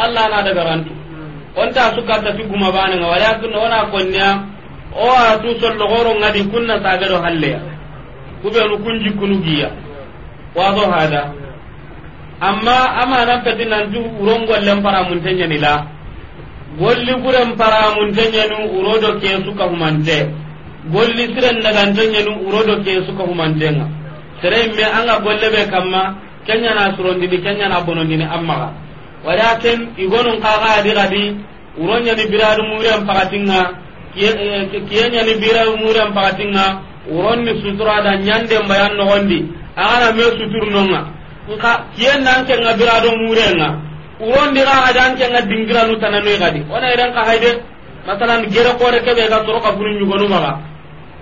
allah na daga rantu onta sukata ti guma bana nga walakin ona konya o atu sollo goro ngadi kunna sagado halleya kubenu kunji kunugiya wado hada amma ama nan peti nanti urongo lempara muntenya nila golli buren para muntenya nu urodo ke suka humante golli siren nagantenya nu urodo ke suka humantenga sere me anga golle be kamma kenya na surondini kenya na bonondini amma walakin igonun kaga adi gadi uronya ni biradu muriyan eh, kiyenya ni biradu muriyan uron ni sutura da nyande mbayan no gondi me nonga kiyen nga biradu muriyan uron dira adan ke nga dingira nu tanano gadi iran ka haide masalan gere kore ke be ga toro ka buru nyugonu maga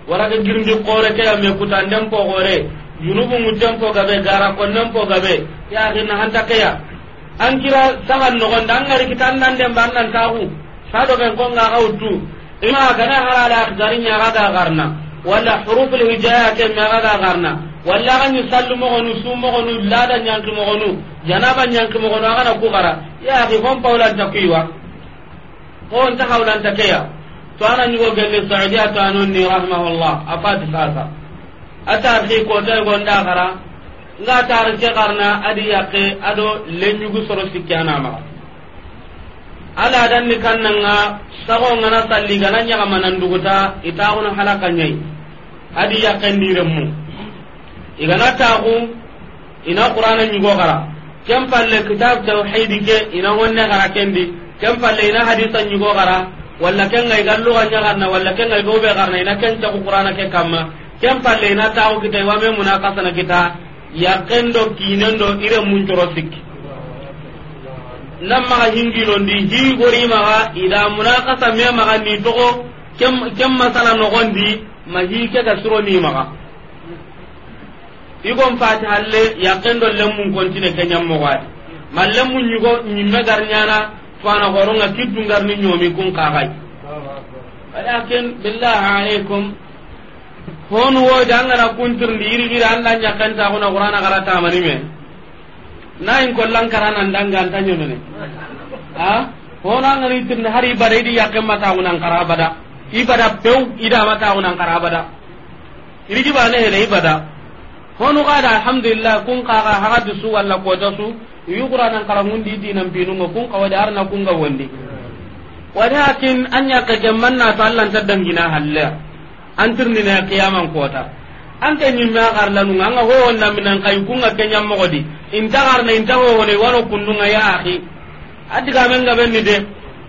wala ke girndi kore ke ya me kutandem po kore junubu mutem po gabe gara konnem po gabe ya hanta ke ya an kira sagan nogon da an ngari kita nan den ban nan tahu sado ben ko ga hautu ima kana harala akhdari nya gada garna wala huruf al hijaya ke nya gada garna wala kan yusallu mo gonu sumo gonu lada ke mo gonu janaba nyank mo gonu agana ku gara ya akhi hon paula takiwa hon ta haulan takiya to ana nyugo gelle saudiya to anon ni rahmahullah afati sasa ata akhi ko tay gonda gara nga tar ke xarna adi yaqe ado lenyugu soro sikkana ma ala dan ni kannanga sago ngana salli gana nyaga mananduguta ita gono halaka nyai adi yaqe ndiremu igana tagu ina qur'ana nyugo gara kem palle kitab tauhid ke ina wonne gara kendi kem palle ina hadisa nyugo gara walla ken ngay gallu ganya garna walla ken ngay gobe garna ina ken ta qur'ana ke kamma kem palle ina tagu kitai wa me munakasa na kita yaqen do kinen do ire mun coro sikki nan maga hinginondi hi gori maga ida munakasa me maga ni togo kem masala nogondi ma hi ke ga suro ni maga igon fati halle yaqen do lemmun kontine kenyam mo wadi ma lemmun nyugo nyimme garnyana fana horonga kiddungar ni nyomi kun kagai walakin billahi alaikum hon wo jangana kuntirndi yirigiri allah hono qurana gara tamanime nayin kollan ne ha hon an hono tin hari har di bada mata yakkemmatagunan karabada bada beu bada mata idamatagunan karabada bada ji bane ne ibada bada honu da alhamdulillah kun ka hagati su walla kota su iyu qur'anan di dinan pinunga kun ka kawade arna kunga wondi walakin anya kagemman jamanna to allah ta dangina halla antirni na qiyaman kota anke nyimma garlanu anga ho wonna minan kay kunga kenya mogodi inta garna inta ho woni waro kundunga ya akhi adiga men ga benni de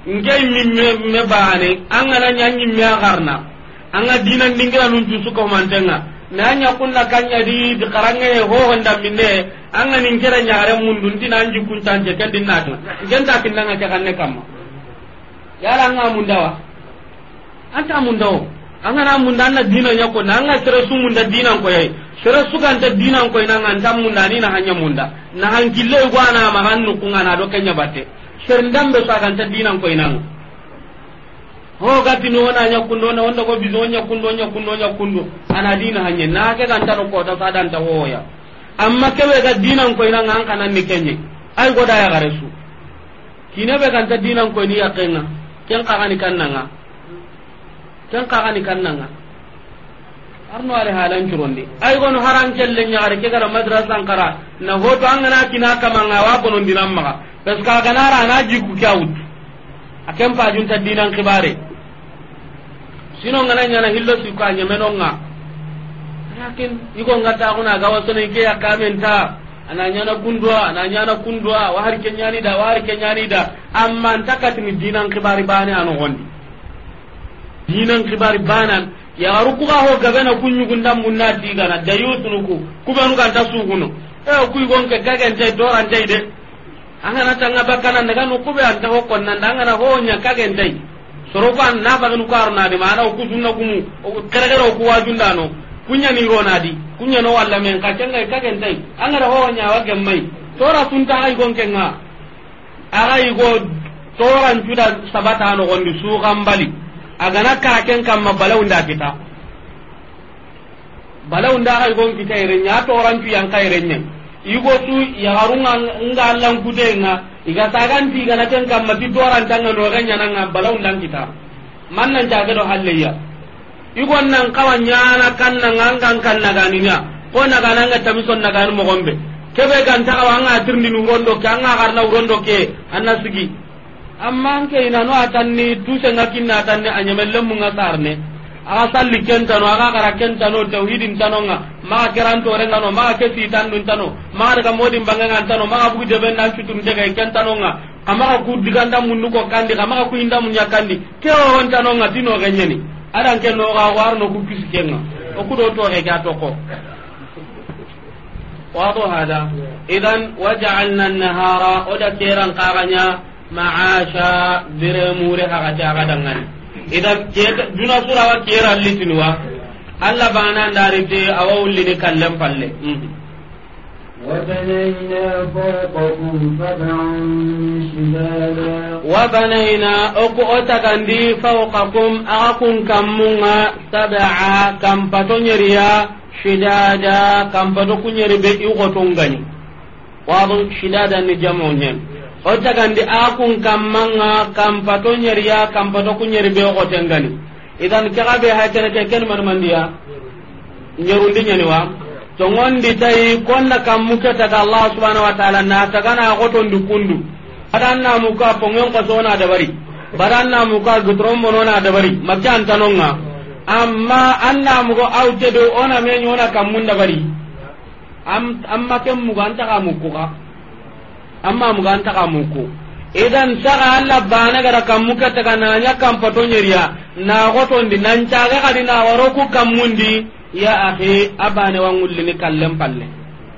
nge nyimme me me baane anga na nyanyi me garna anga dinan dingira nun jusu ko mantenga nanya kunna kanya di di karange ho honda minne anga ningira nyare mundun dinan jikun tanje kan dinatu genta kinanga ta kanne kamma yara anga mundawa anta mundawa an mun da anna dina nya ko na anga sere su munda dina ko yai sere su kan ta dina ko ina mun da ni na hanya da na na hangille gwana magannu kunga na do kenya batte sere ndambe sa kan ta dina ko ina ho ga no na nya kundo na onda ko bizo nya kundo nya kundo nya kundo ana dina hanya na ke kan ta ko ta sadan ta ya amma kebe ga dina ko ina ngan kana ni kenye ay goda ya kine kinabe kan ta dina ko ni yakenga ken kagani kannanga ken kagani kannanga arno are halan curondi ay gono haran kelle nyaare ke gara madrasa ankara na hoto angana kina kama nga wa bono dinamma ka pes ka ganara na jiku kyawut akem pa junta dinan kibare sino ngana nyana hillo su ka nyameno nga lakin iko ngata ko na gawa ne ke ya kamenta ana nyana kundwa ana nyana kundwa wa har ke nyani da wa har ke nyani da amma takatini dinan kibari bani anu gondi dinan kibari banan ya ruku ga ho na kunyu kunyugunda munna na digana dayusunuku kubenu ganta sugunu e eh, kuy gonke gagente dai de angana tanga bakkana daga nu an ta ho ga ho nya konnanda angana honya kagentei soroko an nabaginu karunadi mana oku sunna ni ro na di kunya no walla men ka ga dai an kacengai kagentei angana honyawa gemmai tora sunta ay gonkenga aga igo torancuda sabatanogondi sukan bali agana karaken kamma balawunda kita balawunda hay gon kita ire nya torancu yanka ire nya igo su yaharunga nga allan kudenga iga sagan ti gana ken kamma ti doran tanga no ganya nanga balawunda kita man nan jaga do halleya igo nan kawanya na kan nan angan kan naganinya ko nagananga tamison naganu mo gombe kebe ganta kawanga tirni nurondo kanga garna urondo ke anasigi amma ke ina no atanni duse nga kinna atanni anyamelle mun nga sarne aga salli ken kentano aga gara kentano tauhidin tanonga maga kerantore ngano maga kesi dun tano maga daga modin bangangan tano maga bugu deben nan cuturun jaga kentanonga amaga ku diganda munnu ko kandi amaga ku inda munya kandi kewo won tanonga dino ganyeni adan ken no ga no ku kiskenga o ku do to re ga to ko واضح هذا اذا وجعلنا النهار ودا كيران قارنيا maasa biremure haka ta haka dangan idan keta duna sura wa kera litini wa alla bana ndari te awa wulli ni kallan palle wabanaina oku otagandi fawqakum akakun kammunga sabaa kampato nyeriya shidada kampato kunyeri be iwotongani wabu shidada ni jamo nyeri o tagandi a kun kammanga kampato nyeriya kampato kunyeri be o tengani idan kaga be ha kene ke ken man mandiya nyerundi nyani wa to ngondi tay konna kammu ke taga allah subhanahu wa ta'ala na taga na goto ndukundu badan na muka pongen ko sona da bari na muka gutron monona da bari makka antanonga amma anna muka awte do ona men yona kammun da bari am amma kem mugo anta kamukuka amma mu ganta ka muku idan saka ba na gara kan muka ta kana nya kan pato nyeriya na goto ndi nan ta ga kadi na waro ku mundi ya ahe abane ngulli ni kallem palle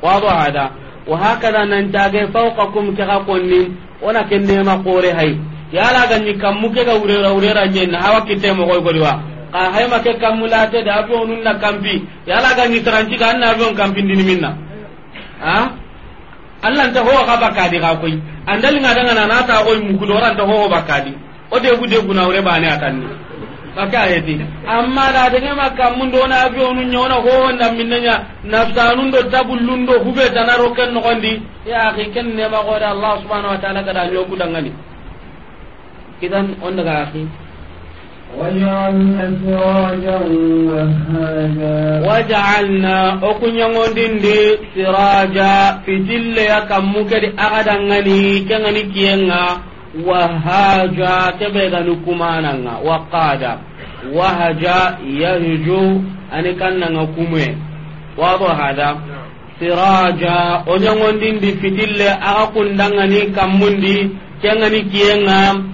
wado hada wa hakala nan ta ga fawqakum ka konni ona kende ma kore hay ga ni kan muke ga ra nye na hawa kite mo goy goliwa ka hay ma ke mula late da abonun na kambi ya la ga ni taranti ga na abon kambi ndini minna ha allah nta ho ka bakadi ka koy andal nga danga na ta koy mu kudo ran ta ho bakadi o de gude guna ure bane atanni ayeti amma da na bi onu nyona ho wanda minnenya nafsanun do tabullun do hube tanaro ken no ya akhi ken ne ma goda allah subhanahu wa ta'ala kada nyoku dangani idan on daga akhi wajaalna o kuñangondindi siraja fitille ya kammu kedi akadangani kengani kiyenga wahaja keɓegani kumananga waqada wahaja yahju ani kannanga kume wabo hada siraja o ñangondindi fitille aga kundangani kammundi kengani kiyenga kiyenga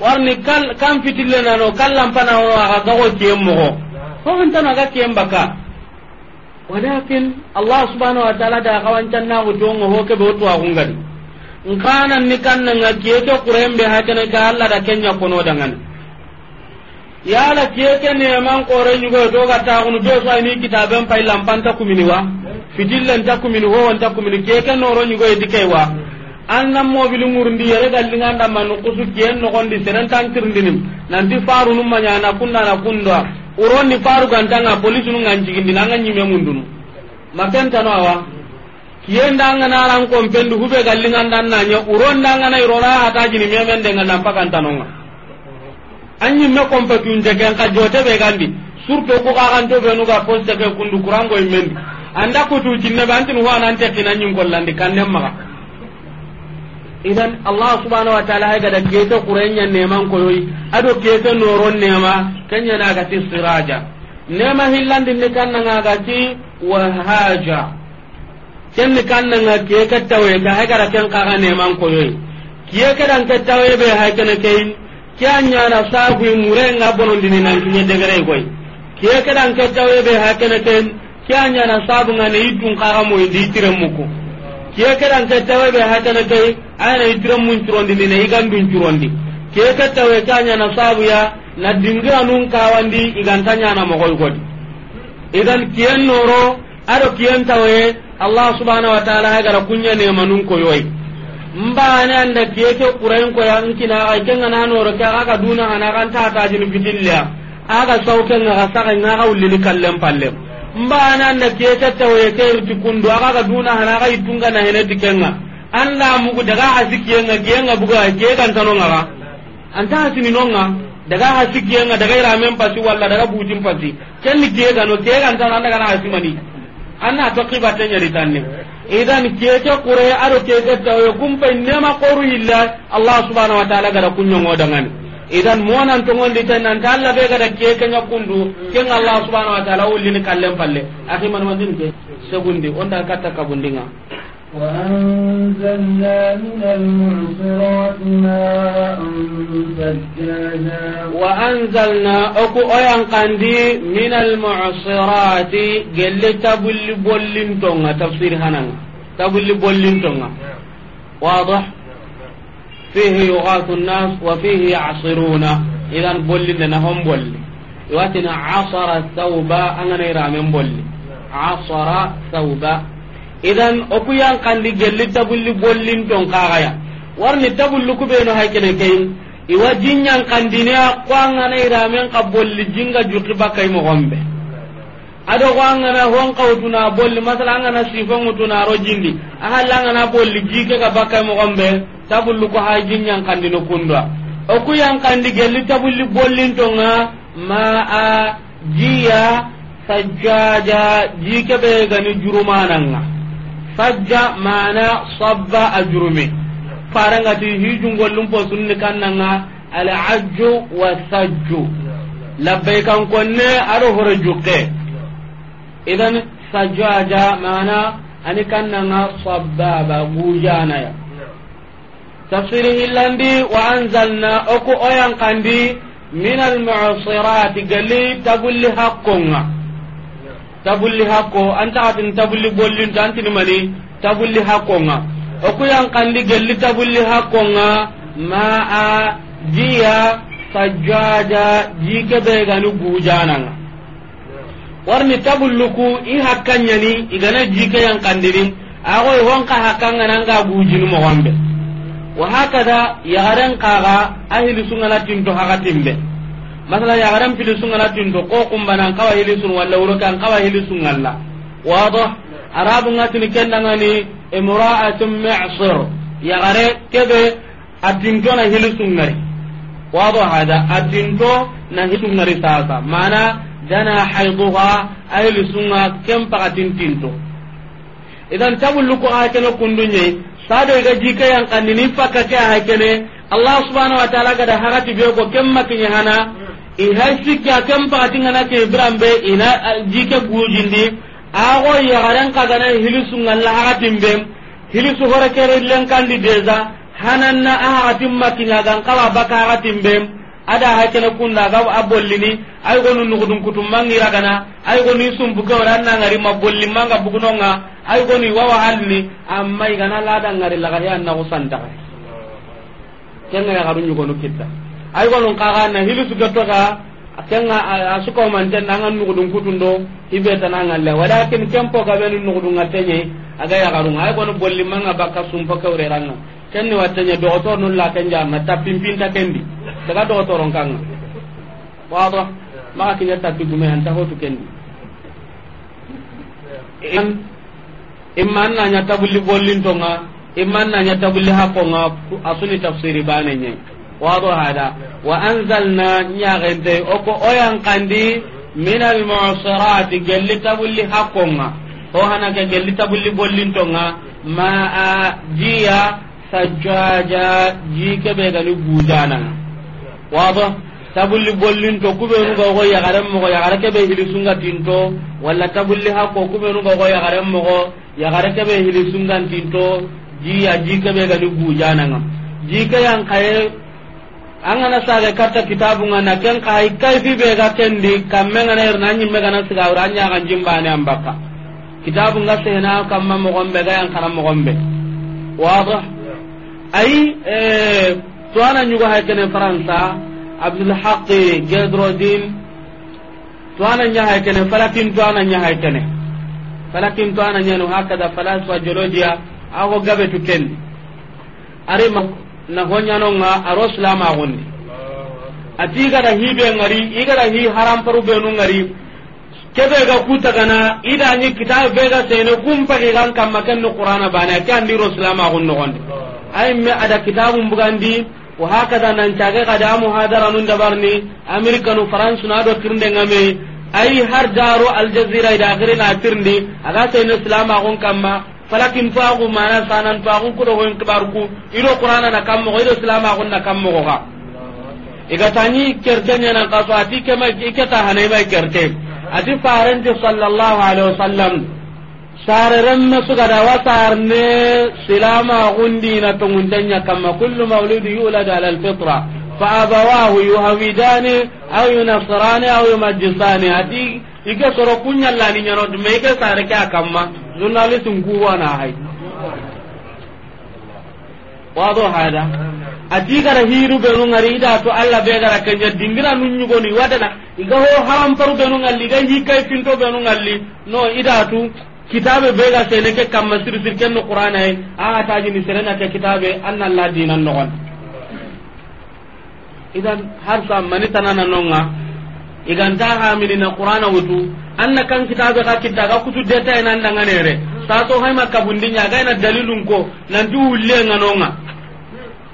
warni kal kam fitille nano kallam pana o aga gago kiem mogo ho ntano aga kiem baka walakin allah subhanahu wa ta'ala da wancan na ko tongo ho ke a to in kana ni kanna nga kiyeto ha kana ka allah da kenya kono dangan yala kiyeke ne man ni go do ga ta kunu do so ni kitaben pay ta kumini wa fitille kumini ho no ro ni go edike wa an annan mobili ngurundi yere nga nda manu kusu kiyen no gondi seren tankirndinim nanti faru num manya na kunna na kunda uronni faru gantanga polisi nu na nanga nyime mundunu makenta no awa kiyen danga na ran kompendu hube gallinga nda nanya uron danga na irora hata jini memen denga na pakanta no anyi me kompetu njegen ka jote be gandi surtout ko ka kan to be nu ga poste ke kundu kurango imendi anda kutu jinna bantin ho anan te kinanyin kollandi kanne maga idan allah subhanahu wa ta'ala ay gada kete qur'anya neman koyi ado kete noron nema kanya na ga siraja nema din ne kan na ga ti wahaja ken ne kan nga ke ka tawe ka ay gada ken ka ga neman koyi kiye ka dan ka tawe be hay kana kay kyanya na sabu murenga bonon dininan kinye degere koy kiye ka dan ka tawe be hay kana kay kyanya na sabu ne idun ka ga mo ndi tire muko ke kedan ka tawe be hakana kai ana idram mun curondi ne igan dun curondi ke ka tawe tanya na sabu ya na dinga nun kawandi igan tanya na mogoy godi idan kiyen noro ado kiyen tawe allah subhanahu wa ta'ala ha gara kunya ne manun ko yoy mba ne anda kiye ke qur'an ko ya nkina ay kenga na noro ka aka duna ana kan ta ta jin bidilla aka sauken ga na ga ulil kallem pallem mbana na keta tawe kayru tikundu aga ga duna hana ga itunga na hene tikenga anda mugu daga genga kiyenga buga ke kan tano ngara anta hasini nonga daga hasikiyenga daga men pasi walla daga butin pasi ni ke ga no ke kan tano anda na hasimani anna to qibata nyari tanne idan keke qure aro ga tawe gumpa nema qoru illa allah subhanahu wa ta'ala ga kunyo ngodangani idan monan to ngondi tan nan Allah be ga ke kenya kundu ken Allah subhanahu wa ta'ala ulli ni kallem palle akhi man mandin ke segundi onda katta kabundinga وأنزلنا من المعصرات ماء ثجاجا وأنزلنا أكو أيان قندي من المعصرات قل تبل بولين تونغا تفسير هنا تبل بولين تونغا واضح fihi yughatu an-nas wa fihi ya'siruna idan bolli de na hon bolli iwatina asara thawba angana iramen bolli asara thawba idan okuyan kandi gelli dabulli bollin ton kagaya warni dabullu kubeno haykene kayin iwa jinyan kandinea kwangana iramen ka bolli jinga juki bakkay mogombe ado ko angana honkawtuna bolli masala angana sifonŋutuna aro jindi an angana bolli jike ka bakkay mogombe tabullu ko hay jinyan kandi no kundwa o ku yan kandi gelli tabulli bollin to nga ma a jiya sajjaja jike be gani jurumananga sajja mana sabba ajrumi farangati hijungollum po sunni kannanga al ajju wa sajju labbay kan konne aɗo horo jukke idan sajjaja mana ani kannanga sabbaba ya. tafsiri hilandi wa anzalna oku oyan kandi min almu'sirati galli tabulli haqqonga tabulli haqqo anta atin tabulli bollin tanti mani tabulli haqqonga oku yan kandi gali tabulli haqqonga ma'a jiya sajjaja jike be ganu gujananga warni tabulluku i hakkanyani igana jike yan kandirin agoy honka hakkanga nanga gujinu mogonbe wa hakada yagaren kaga ahili sungana tinto haka timbe masala yagaren pili sungana tinto ko kumbana kawa hili sun walla wuro kan kawa hili sungalla wado arabu ngatini kendangani imra'atun mu'sir yagare kebe atinto na hili sungari wado hada atinto na hili sungari sasa mana dana haiduha ahili sunga kempa atintinto idan tabullu ko hakeno kundunyei sado iga jika yang kanini faka hakene allah subhanahu wa ta'ala da harati be ko kemma kinya hana hmm. i har sikka kem tinga na ke be ina eh, jike gujindi garan ka kagana hilisu ngalla haratin be hilisu hore kere len kandi deza na a haratin makinya gan ba ka be ada hakene kunda ga abollini ay gonu nugudun kutum mangira gana ay gonu ngari mabolli manga ay gonu wawa halni amma igana lada ngari na usanta kenga ya garu nyugo kitta ay gonu kaga na hilu ga asuko man ngan nugudun ibe walakin kempo ga benu nugudun ngatenye aga ya garu ay gonu bolli manga bakka kenni wattenya dogotor nun la kenja ma tapin pinta kendi daga dogotoron kanga wado ma kinya tapi gume anta hotu kendi in imman na nya tabulli bollin tonga imman na nya tabulli hakonga asuni tafsiri bane nye wado hada wa anzalna nya gende o oyan kandi min al mu'sirati gelli tabulli hakonga o hanaka gelli tabulli bollin tonga ma jiya sajjaja jike be gani gujananga waba tabulli gollinto kuɓenuga go yagaren mogo yagare keɓe hili sungatinto walla tabulli hakko kuɓenuga go yagaren mogo yagare keɓe hili sungantinto jiya jike ɓe gani gujananga jike yan kaye angana sage katta kitabunga na ken kahay kayfi ɓe ga kendi kammengana yerna ñimme na siga a ñagan jimbane an bakka kitabunga sehena kamma mogonɓe ga yan kana mogonɓe waba ay eh, to nyugo hay kene faransa abdul haqi gedrodin nya hay kene falakin nya hay kene falakin nya no hakada geologia ago gabe tu are ma na honya no nga gondi ati ngari hi haram paru be no ngari kebe ga kuta kana ida ni kitab be ga sene kumpa kan no qur'ana bana kan di gondi ay me ada kitabun bugandi wa hakada nan ka kada muhadara nun dabarni amerika nu france na do kirnde ngame ay har daru al jazeera ida akhirina tirndi aga sayno islam agon kamma falakin faagu mana sanan faagu kudo hoyn kibarku ido qur'ana na kammo ido islam agon na kammo ga igatani kertenya nan kaso ati kema iketa hanay mai kerte ati farante sallallahu alaihi wasallam na suka da wa ne silama na tongundenya kama kullu yula da alal fitra fa abawahu yuhawidani aw yunasrani aw yumajjisani ati ike soro nyano ñanodume ike sare ke a li tunguwa na hai wado hada ati gara hiru benu ngari ida to alla be gara kenya dingina nun nyugo ni wadana iga ho haram paru benu ngali ga hikai pinto benu ngali no ida tu kitabe be ga sene ke kamma sir sir ken no qur'ana ay a ta ji ni na ke kitabe anna la dinan no gon idan har sa mani tanana nonga igan ta ha mini na qur'ana wutu anna kan kitabe ka kitta ga kutu deta ina ndanga nere sa to hay makka bundinya ga na dalilun ko nan du ulle nganonga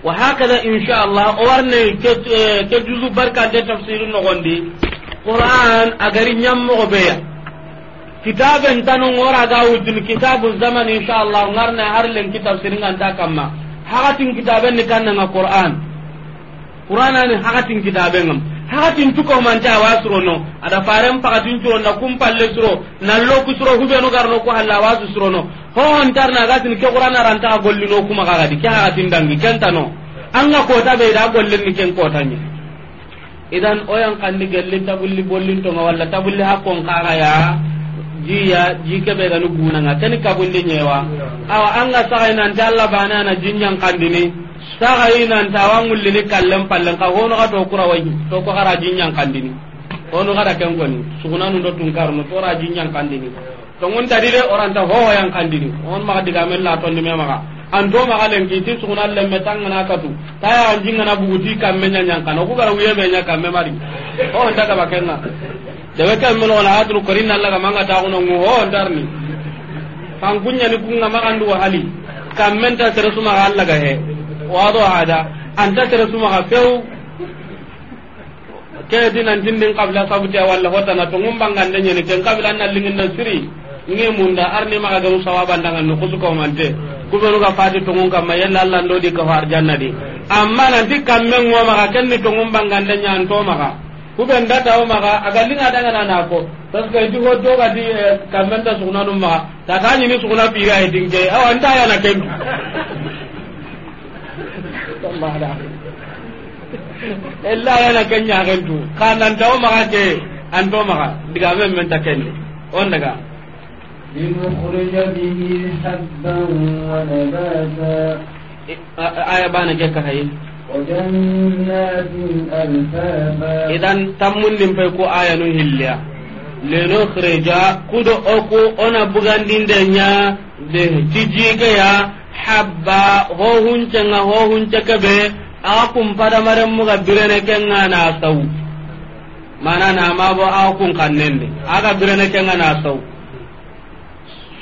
wa hakada insha Allah o warne ke eh, ke juzu barka de tafsirun no gondi qur'an agari nyammo go beya kitaben tanu ngora ga wudun kitabu zaman insha Allah ngarna har len kitab siringan ta kamma hakatin kitaben ni kanna nga Qur'an Qur'an ni hakatin kitaben ngam hakatin tuko man ta wasro no ada faran pakatin turo na kumpal palle suro na lo ku suro hube no garno ko halla wasu suro no ho on tarna ga tin ke Qur'an ranta golli no kuma ga di kya hakatin dangi kenta no an ga kota be da gollin ni ken kota ni idan oyan kandi gelli tabulli bollin to walla tabulli hakkon kara ya jiya jike be gani guna nga tani kabunde nyewa awa anga saga nan dalla bana na jinyan kandini saga nan tawangul ni kallam pallan ka hono ka to kura wayi to ko gara jinyan kandini hono gara kan koni suguna tunkar no to ra jinyan kandini to ngun tadi de orang ta ho yang kandini on ma diga men la to ni me maka an do maka len ki ti suguna le metang na katu ta ya jinga na buguti kam men nyankan ko gara wiye be nyaka me mari on daga bakenna daga kan melo na hadru korin Allah ga manga ta kuno ngo ndarni kan kunya ni kunga makandu wa hali kan menta tere suma ga Allah ga he wado hada anta tere suma ga feu ke dinan din qabla sabuti wala hota na to ngumba ngande ni ken qabla nan lingin na siri ngi munda arni maga garu sawaban dangan su kusuko mante kubenu ga fati to ngum kam yalla Allah ndo di ka har janna di amma nan kan men ngoma ga ken ni to ngumba nya an to maga kuben data o maga agallinga dangana na ko parce que di hoto eh, ga di kamenta sugna num maga ta ka ni sugna bi ga hedin ke aw anta ya na ken Allah da ella ya na ken ya ken tu da dawo maga ke an do maga diga men men ta ken on daga لنخرج به حبا ونباتا آية بانا جكا هاي idan tammunnin pai ko aya ayanu hilliya khreja kudo oku ona bugandindenya de ya habba ho ho hohuncenga hohuncekebe aga kun padamarenmuga birene kenga na tau mana na ma bo aga kun kannende aga birene kenga na saw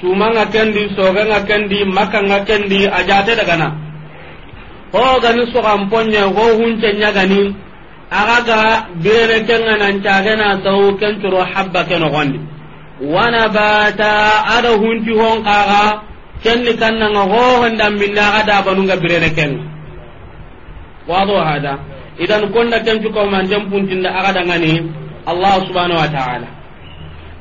sumanga kendi soganga kendi makkanga kendi ajate daga na hogani soganponya ho hunce gani aga ga birene kenga nancagena ken kencuro habba ke nogondi wanabata ada hunti hon kaga ho kannanga minna ada banu ga birene kenga wado hada idan jam kencukomanten puntinda aga dangani allah subhanahu wa taala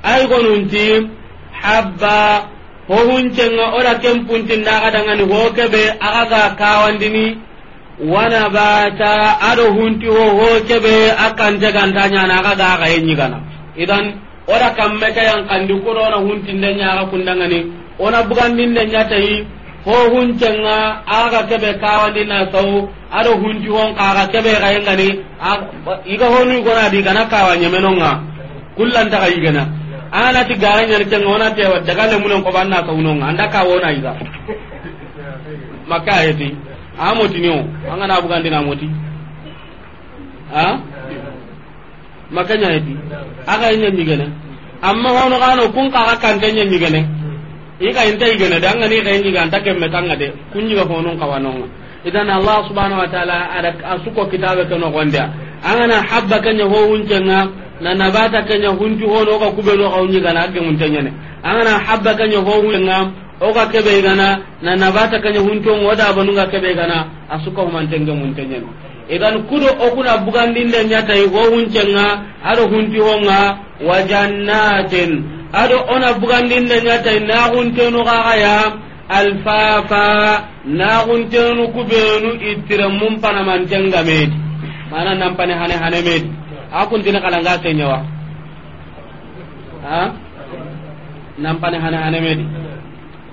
ay gonunti habba hohuncenga oda ken puntinda aga dangani hokebe agaga kawandini wanabata ado hunti ho hokebe akanteganta ñana agaga agaye ñigana idan oda kammeke yankandi kodo ona huntinde ñaga kundangani ona bugandinde ñatayi hohuncenga aga kebe kawandina sau ado hunti honka aga kebe gayengani iga honuigonadi gana kawa ñemenonga kullantaga yigena anati garanyani kenga wonate daga lemunen koɓa anna saunonga anda ka wona iga makka ayeti a motini o angana bugandina moti a makka ñayeti aga ñañigene amma hono gano kun kaga kante ñañigene i ka inte igene de angani ka ñiga anta kemme tanga de kun ñiga honun kawanonga idan allah subhanahu wa ta'ala ada asuko kitabe kano gonda angana habba kanya ho wuncenga na nabata kanya hunju ho no ka kube no ka unyi gana age muntanya ne angana habba kanya ho wunga o ka kebe gana na nabata kanya hunto ngoda banunga kebe gana asuko mantenge muntanya ne idan kudo okuna bugandin da nyata yi ho wuncenga ado hunti ho nga wajannatin ado ona bugandin da nyata na hunto no ka ya alfafa kuntenu kubenu ittire mun pana man panamantengamedi mana nampane hane hane hanemedi kala kuntini xalanga ha nan nampane hane hane hanemedi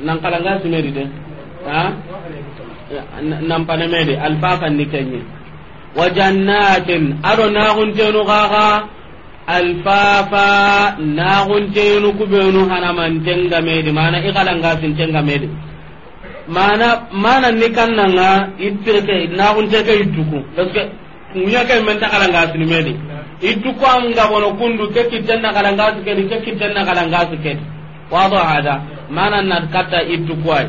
nan xalanga simedi de a alfafa ni kenye wa jannatin aɗo naxuntenu xaxa alfafa naxunteyinu kuɓenu hanamantengamedi mana i xalangasintengamedi mana mana ni kannanga ittirke naxunteke ittuku parce que nguñake men ta xalangasinimedi ittuku am ngabono kundu ke kittenna xalangasi kedi ke kittenna xalangasi kedi wado hada mana nat katta ittuku ay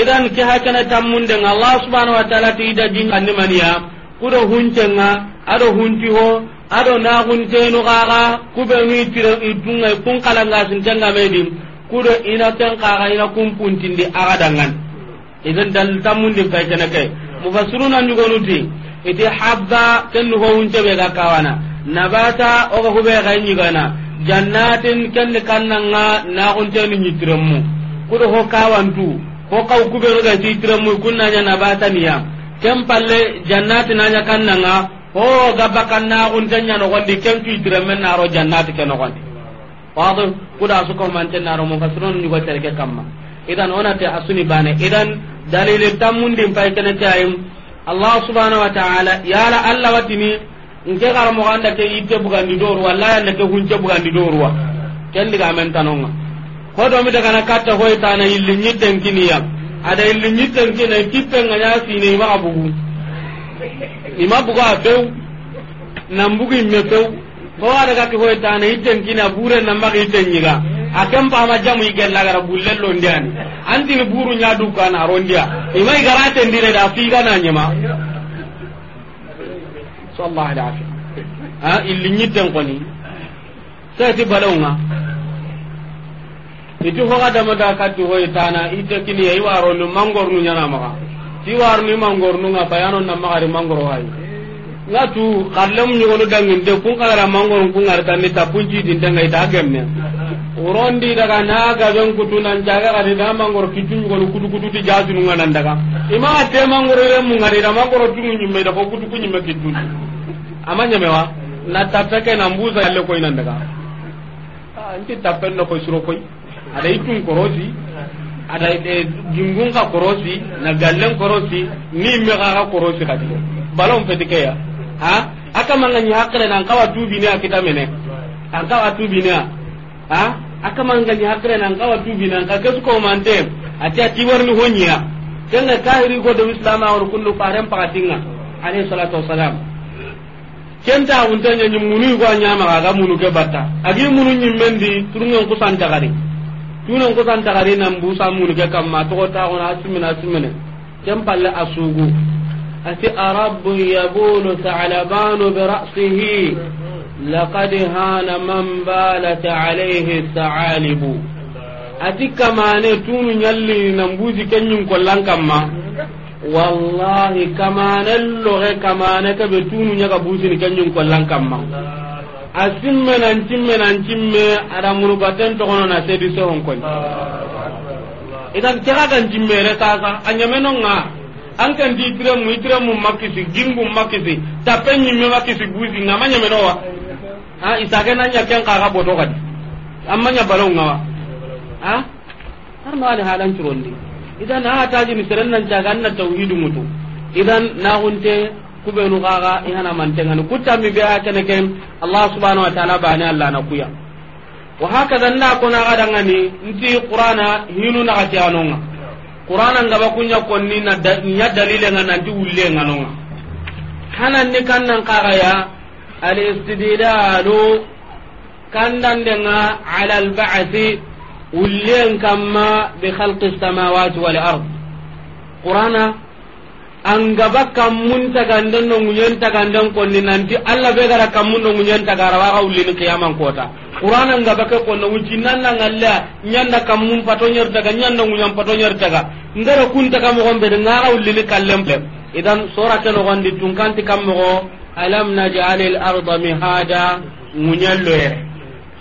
idan ke hakene tammundenga allah subhanau wa taala ti ida jin kannimaniya kuɗo huncenga aɗo hunti ho ado na naxuntenu xaxa kuɓenu idunga kun kala xalangasintengamendim kudo ina ken xaxa ina kun kunpuntindi axa dangan iden dal tammundin kay kene ke mufassiruna ñugonuti iti habba ken nuhowunteɓe ga kawana nabata oga huɓe xay ñigana jannatin kenni kannanga naxuntenu ñittirenmu kudo ho kawantu ho kaw kuɓenuga ti itirenmu kunnaña nabataniya ken palle jannati naña kannanga ho gabba kan na gunta nya no gondi ken tu dire men na ro jannati ken no gondi wado kuda su ko man tan ro mo fasron ni ko tere ke kamma idan ona te asuni bane idan dalilin tammundin pay kana tayim allah subhanahu wa ta'ala ya la alla watini nke gar mo ganda ke bugan di dor wala ya ke hunje di dor wa ken diga men tanonga ko do mi daga na katta hoyta na illi nyidden kiniya ada illi nyidden kiniya kippen ga ya sine ma abugu ima bugo a bew nan bugu imme bew kowa daga ke hoye tana hitten kina bure nan maka hitten nyiga a kan pama jamu igella gara bullen londi ani antini buru nya du kana rondiya ima igara tendire da figa na nyema sallallahu alaihi wasallam ha illi nyitten koni sai ti balonga itu hoga dama da katti hoye tana itte kini yayi waro no mangor nu nyana maka tiwar ni mangor nunga bayano na magari mangor hay ngatu kallam ni wono dangin de kun kala mangor kun arta ni ta tapunji din danga ita gemme urondi daga na ga don kutu nan jaga ga da mangor kitun ko kutu kutu ti jazu nunga nan daga ima te mangor le mun ngari da mangor tun ni me da ko kutu kunyi me kitun amanya mewa na tapeke na mbuza yalle ko nan daga anti ah, tapen no ko suro ko ada itun korosi ada eh, jungung ka korosi na galen korosi ni me ka korosi ka dio balon fetike ya ha aka manga ni hakre nan kawa tubi ne akita mene an kawa tubi ne ha aka manga ni hakre nan kawa tubi nan ka kesu ko mante ati ati warni honya na kahiri ko do islama war kullu faram pakatinga alayhi salatu wassalam kenta untanya nyimunu ko nyama ga munu ke agi munu nyimmendi turungon kusanta kali tunan kusan tagari nan busa mun ke kamma to ta gona simina simine kem palle asugu ati arabu yabulu ta'labanu bi ra'sihi laqad hana man balat alayhi ta'alibu ati kamane tunu nyalli nan buji kenyun kollan kamma wallahi kamane loge kamane ka be tunu nyaga buji ni kenyun kollan ma. a simme nan cimme nan cimme ada murubaten togono na sedi sohon koni idan kera kan cimmere sasa a ñamenonga an kan di itiremu mu makisi gingu makisi tappe ñimme makisi gusi ngama ñamenowa a isake na ñaken kaga boto kadi amma nga wa a arno ani halan curondi idan a tajini seren nan caga an na tawhidu mutu idan naxunte kubenu kaga ihana mantengani kutami be ha kene ken allah subhanahu wa ta'ala bani allah na kuya wa hakada nda ko na gada ngani nti qur'ana hinu na gati anonga qur'ana ngaba kunya konni na da, nya dalile ngana nti ulle nganonga hanan ni kannan kaga ya al istidlalu kandan denga ala al ba'thi ullen kamma bi khalqi samawati wal ard qur'ana angaba kammun taganden no ngunyen taganden konni nanti alla be gara kammun no ngunyen tagara wa kawli ni kiyaman kota qur'an angaba ke konno wujinan nan alla nyanda kammun patonyer daga nyanda ngunyan patonyer daga ngara kun taga mo gombe de ngara wulli ni kallemple idan sura tan gondi tunkanti kammo alam naj'alil arda mihada ngunyallo yere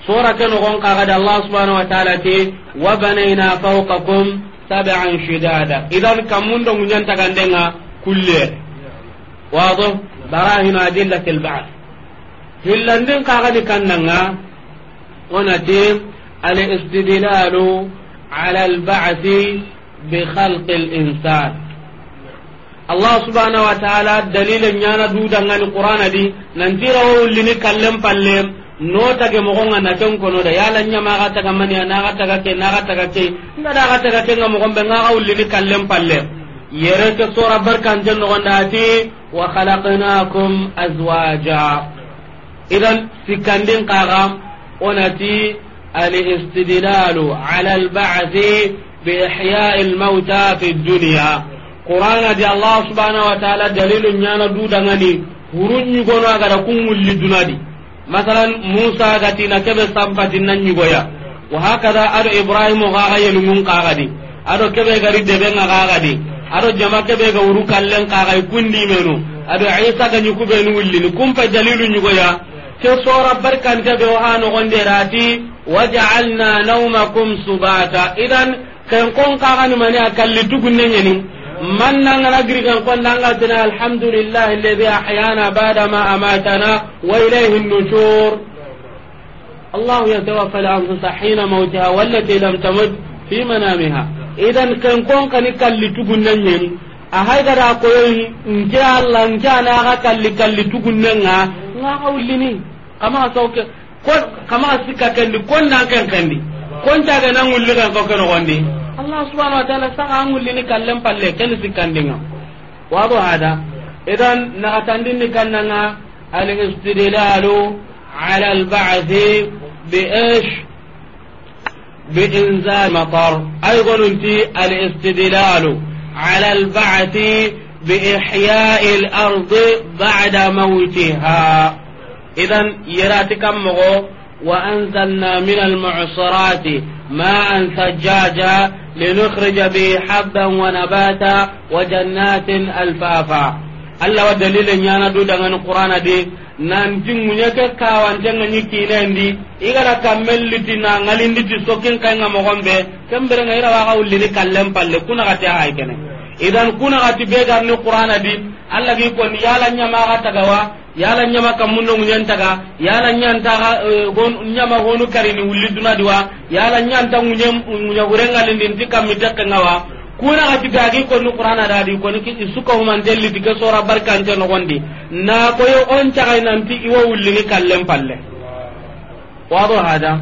sura tan gon kaga da allah subhanahu wa ta'ala te wa banayna fawqakum sab'an shidada idan kammun do ngunyan tagandenga kulle wazo barahinu adillati al-ba'th hillandin kagani kannanga onati al-istidlalu ala al-ba'th bi khalq al-insan allah subhanahu wa ta'ala dalila nyana duda ngani qur'ana di nantira wulini kallem pallem no tage mogonga na ten kono da yala nyama ga taga mani na ga taga ke na ga taga ke na da ga yere ke sora barkan jan no gonda ati wa khalaqnakum azwaja idan sikandin qaga onati al istidlalu ala al ba'th bi ihya al mauta fi dunya qur'ana di allah subhanahu wa ta'ala dalilu nyana du dangani hurunyi gono aga da kungulli dunadi masalan musa gati na kebe sampatin nan nyugoya wa hakada ado ibrahim ga ga yelmun qaga di ado kebe gari debe ga ado jama be ga wuru kallen kaxay kundi menu ado isa ga ñukubenu wullini kumpa dalilu ya ke sora wa ɓe o ha nogonderati wajaalna nawmakum subata idan ken kon mani a kalli tugunneñeni man kon girigan ga tena alhamdulillah alladhi ahyana badama amatana wa ilayhi nushur allahu yatawaffa al anfusa hina mautiha wallati lam tamut fi manamiha idan kan kon kan kalli nan ne a haygara koyoyi nke allah nke anaxa kalli kalli ni kama wullini kamaxa kama kamaxa sikka kendi kon na ken kendi koncaga na ngulli ken koke nogondi allah subhanahu wa taala an wulli ni kallan palle keni wa ba hada idan na naxatandinni kannanga alistidlalu ala albathi bi ash. بإنزال مطر أيضا في الاستدلال على البعث بإحياء الأرض بعد موتها إذا يراتي مغو وأنزلنا من المعصرات ماء ثجاجا لنخرج به حبا ونباتا وجنات ألفافا الله ودليل يانا دو من القرآن دي nanti muñeke kawantenga ñi kinendi igara kammelliti na ngalinditi sokkin kayga mogonɓe kemberenga irawaxa wullini kallen palle kunaxate hay kene idan kunaxati be garni qur'ana di allah gi koni yala ñamaxa tagawa yala ñama kammundonguñentaga yala ñantaxa ñama eh, honu karini wulli wa yala ñanta ŋuñe ŋuñahurengalindi nti kammi tekkengawa kuna ati gagi ko nu qur'ana da di ko ni kiti suka huma delli diga sora barkan te no gondi na ko yo on tagay nan ti iwo wulli ni kallem palle wado hada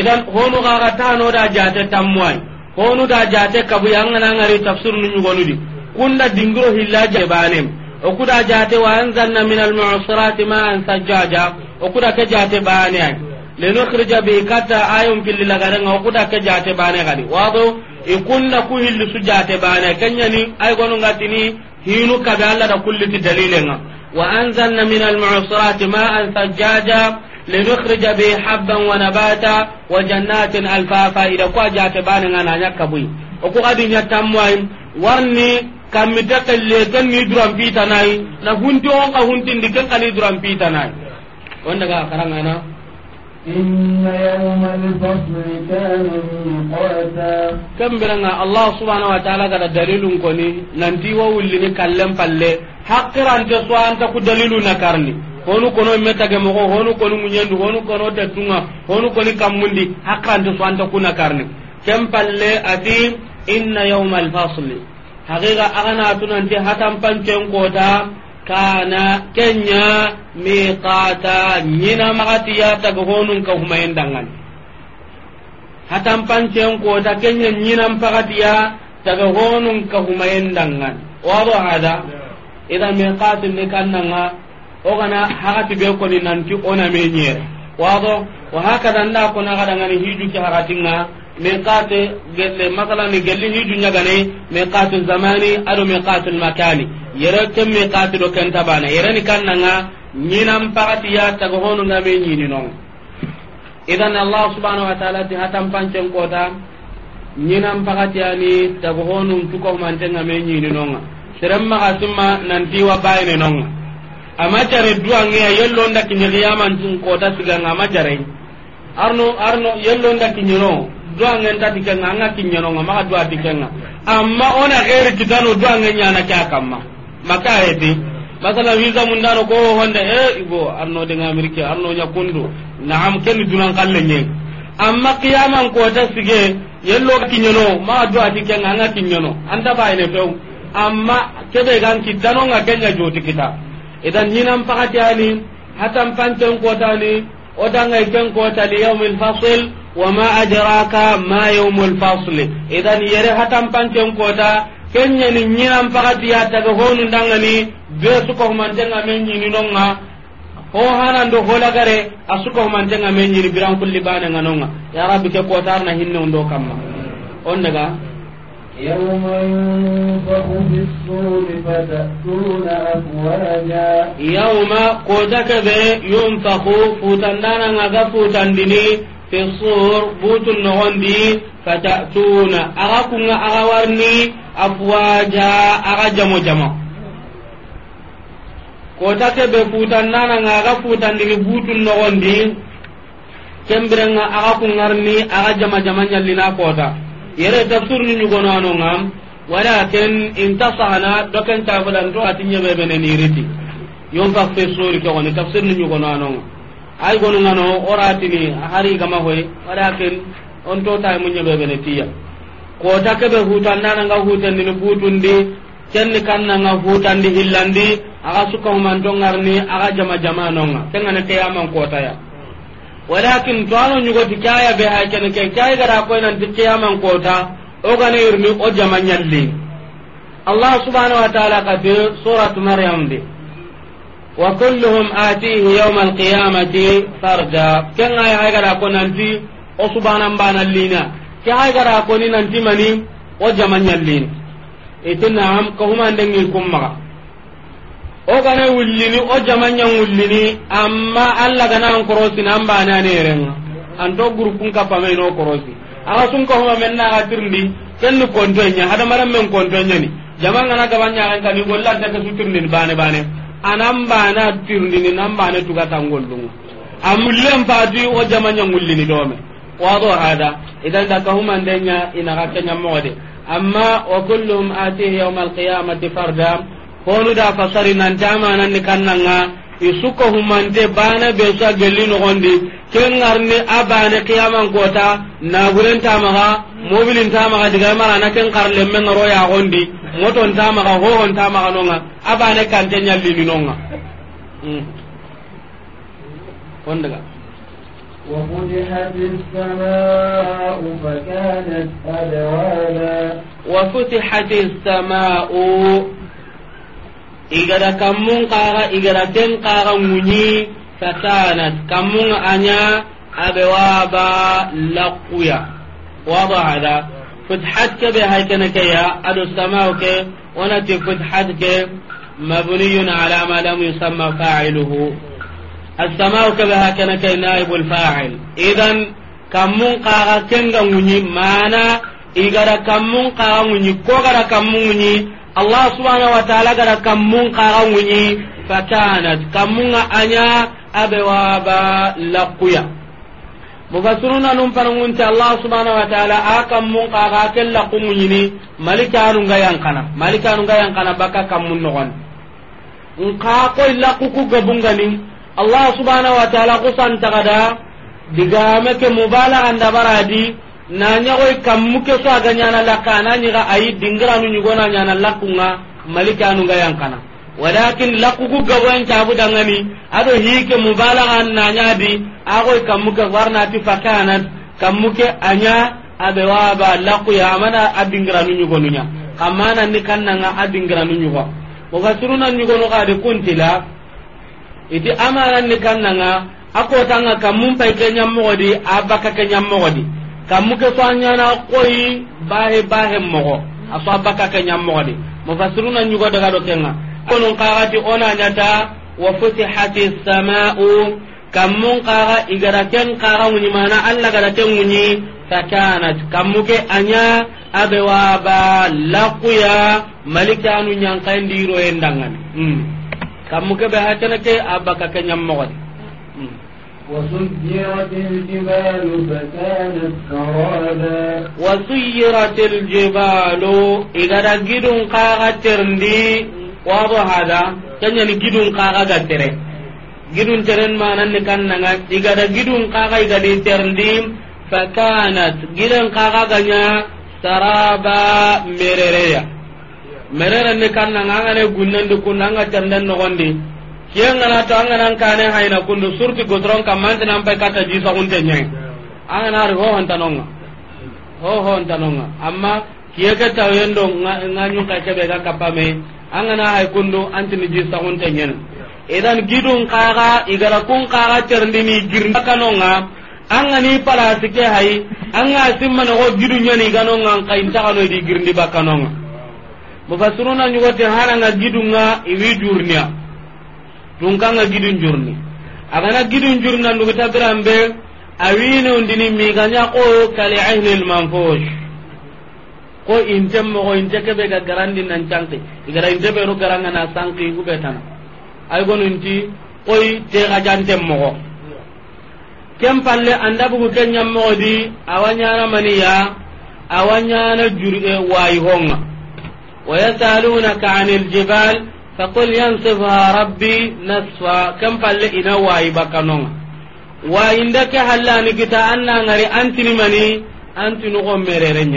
idan honu gaga tano da jate tammai honu da jate kabu yang nan ngari tafsir nu nyugonu di kunda dingro hilla jabanem o kuda jate wa anzalna min al mu'sirati ma'an sajjaja o kuda ke jate bane lenukhrija bi kata ayum fil lagarenga o kuda ke jate bane gadi wado ikunna ku hilli sujate bana kanyani ay gonu ngatini hinu kabe alla da kulliti dalilenga wa anzalna min al-mu'sirati ma'an sajjaja linukhrij bi habban wa nabata wa jannatin alfafa ida ku jate bana ngana bui o ko adi nyatamwai warni kamita kalle kan ni duran pita nai na hunti on ka hunti ndikan kan ni duran pita nai ga karanga na إن يوم الفصل كان ميقاتا كم برنا الله سبحانه وتعالى قال دليل كوني ننتي وولي نكلم فالي حقرا أنت سواء أنت دليل نكرني honu kono metage mogo honu kono muñandu honu kono tunga honu koni kammundi hakkante so anta kuna karni ken ati inna yauma alfasli haqiqa agana tunanti hatanpancen kota kana kenya miqata nyina magati ya taga honun ka humayen dangan hatan pancen ko ta kenya nyina magati ya taga honun ka humayen dangan wado hada idan miqatin ne kannanga o kana hakati be ko ni ki ona nyere wado wa hakada da ko na kadangani hiju ki hakatinga miqat gelle masalan gelli hiju nyagane miqat zamani ado miqat makani yere kem miqat do ken tabana yere ni kannanga nyinam pagati ya tago honu ngame nyini non idan allah subhanahu wa ta'ala ti hatam pancen kota nyinam pagati ani tago honu tuko manten ngame nyini non serem maga simma nan diwa bayne non amma jare duange yello ndaki nyaqiyaman tun kota siganga majare arno arno yello ndaki nyino dua ngen ta dikenga anga kinyano nga maka dua dikenga amma ona eri kitano dua ngen nyana kya kamma maka hedi masala visa mundano ko honda e eh, ibo arno de ngamirike arno nya naam ken dunan kalle nyen amma qiyaman ko ta sige yello kinyano ma dua dikenga anga kinyano anda bayne few amma kebe gan kitano nga joti kita idan hinan pakati ani hatan panten kota ani odanga ken kota li yawmil fasl wa ma adraka ma yawmul fasl idan yere hatam pancen kota kenya ni nyiram ya taga honu dangani be su ko tanga men nyini nonga ho hanan do hola gare man tanga men nyini biran kulli bana nganonga ya rabbi ke kota na hinno ndo kamma on daga يوم ينفخ في الصور فتأتون أفواجا يوم قدك ذي ينفخ فتندانا نغا فتندني في الصور بوت النغندي فتأتون أغاكم أغاورني أفواجا أغجم جمع kota keɓe futannana nga aga futandigi butun nogondi kembirenga aga kungarni aga jama jama ñallina koota yere tafsir ni nyugono anonga walakin intasahana doken tafadan to atinye be beneni riti yon fa fe sori to woni tafsir ni nyugono anonga ay gonu ngano oratini hari gama hoy walakin on to tay munye be benetiya ko ta be hutan nana nga hutan ni butundi kenni kanna nga hutan di hillandi aga suka humantongarni aga jama jama nonga kengane keyaman kota ya walakin to ano nyugo ti kaya be ha ke kaya gara ko nan ti kota o gane irmi o jamanyalli allah subhanahu wa ta'ala ka surat maryam de wa kulluhum atihi yawm alqiyamati farda ken ay ay gara ko nan ti o ay gara ko ni nan ti mani o jamanyalli am ko huma ndengi kumma o gana wullini o jamanya wullini amma alla gana an korosi nan ba na ne ren an to gurupun ka pamai no korosi aga sun ko homa menna ga tirndi kenni kontonya hada maram men kontonya ni jamanga na gabanya an kani golla da ka sutirndi bane bane anan ba na tirndi ni nan ba na tuga tangollunga amullen fati o jamanya wullini dome wado hada idan da ka huma ndenya ina ga kenya mode amma wa kullum atihi yawm al-qiyamati farda honu da fasari nan tama nan ni kannanga isuko humante bana be sa gelli no gondi ken ngarne abane qiyaman kota na guren tama ga mobilin tama ga diga mara na ken karle men ro ya gondi moton tama ga ho on tama ga nonga abane kan tenya lili nonga hmm on daga وفتحت السماء فكانت أبوابا وفتحت السماء igada kammun kara igada ken kara munyi fatana kammun anya abewaba laquya wada hada fathat ke be haytana ke ya adu samaw ke wana ti fathat ke mabniyun ala ma lam yusamma fa'iluhu as-samaw ke be haytana ke naibul fa'il idan kammun kara ken ga munyi mana igada kammun kara munyi ko gara allah subhanahu wa ta'ala gara kammun qara munyi fakanat kammunga anya abewaba laquya mufassiruna num panungunte allah subhanahu wa ta'ala a kammun qaga ken laqu munyini malikanu ga yankana malikanu ga yankana baka kammun nogon nka ko laqu ku gabungani allah subhanahu wa ta'ala kusan tagada digame ke mubalagan dabaradi na ñagoy kammuke so aga ñana lakka ana ñiga ayi dingiranu ñugona ñana lakkunga malikanunga yankana walakin lakkuku gaboen cabudangani aɗo hiike mubalagan nañadi agoy kammuke warnati fake anat kammuke aña aɓe waba lakkuya amana a dingiranu ñugonuña kammananni kannanga a dingiranu ñugo mofasirunan ñugonu kadi kuntila iti amananni kannanga a kotanga kammum pay ke ñammogodi a bakka ke ñammogodi kammuke so anyana koyi bahe bahe mogo aso abaka ke nyammogodi mufassiruna nyugo daga do kenga konon kagati ona nyata wa futihati samau kammun kaga igara ken kaga muni mana alla gara ken muni fakanat kammuke anya abewa ba laquya malikanu nyankandiro endangani mm kammuke be hatana ke abaka ke nyammogodi وسيرت الجبال فكانت سرابا وسيرت الجبال إذا رجل قاغا ترندي واضح هذا كان يعني قاغا gidun teren mananni kannanga igada gidun kaga igadi terndi fakanat gidan kaga ganya saraba merereya mererenni kannanga angane gunnandi kunna anga ternden nogondi kengana to angana kane hayna kundu surti gotron kam mantina ampai kata jisa unte nyeng angana ri ho tanonga ho ho hontanonga amma kiye ka ke tawyendo nganyun ka kebe ga kapame angana hay kundu antini jisa unte nyen idan gidun kaga igara kun kaga terndini girna kanonga angani palasi ke hay anga simmana go gidun nyani ganonga kain tagano di girndi bakanonga mufassiruna nyugote haranga gidunga iwi jurniya tun kanga gidin jurni a agana gidin jurna ndugu tabirambe awini undini miganya ko kali ahli almanfush ko inte mogo inte kebe ga garandi nan canki igara inte be ro garanga na sanki kubetana ay gonu inti koy te ga jante mogo kem palle anda bugu ken nyam mogo di awanyana maniya awanyana jurge wayi honga ويسألونك عن jibal. تقول ينصفها ربي نصفا كم قال إنا واي بكنون وإن دك هلا نكتا أن نغري أنت مني أنت نغم مريرين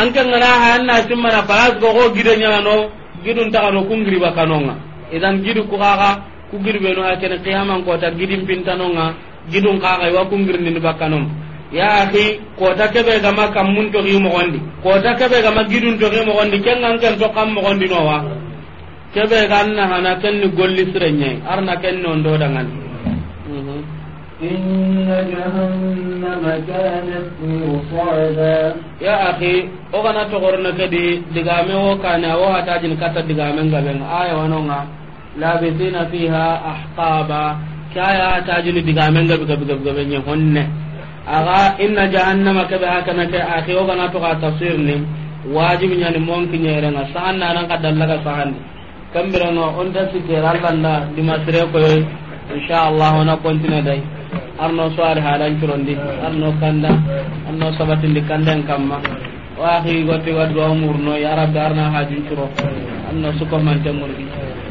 أنك نراها أن أتمنا فلاس بغو جدا نانو جدا تغنو كنغري بكنون إذن جدا كغاغا kugir benu hakene qiyaman kota gidim pintanonga gidun kaga wa kungir ni bakanom ya akhi kota kebe gama kam mun to gi mo kota kebe gama gidun to gi mo kengan kam kebe ganna hana kenni golli sirenye arna kenni ondo dangan mhm. inna jahannama kanat mirsada ya akhi o kana to gorna kedi digame o kana o hata jin kata digame ngaben aya wanonga labithina fiha ahqaba kaya hata jin digame ngabe gabe gabe gabe nye honne aga inna jahannama kebe hakana ke akhi o kana to ka tafsir ni wajibi nyani monki nyere na sahanna nan kadallaga sahanni kambirano on ta sitere allanda dimasire insha inchallah ona continue day arno soare halancurondi arno kanda arno sabatindi kanden kamma arna arno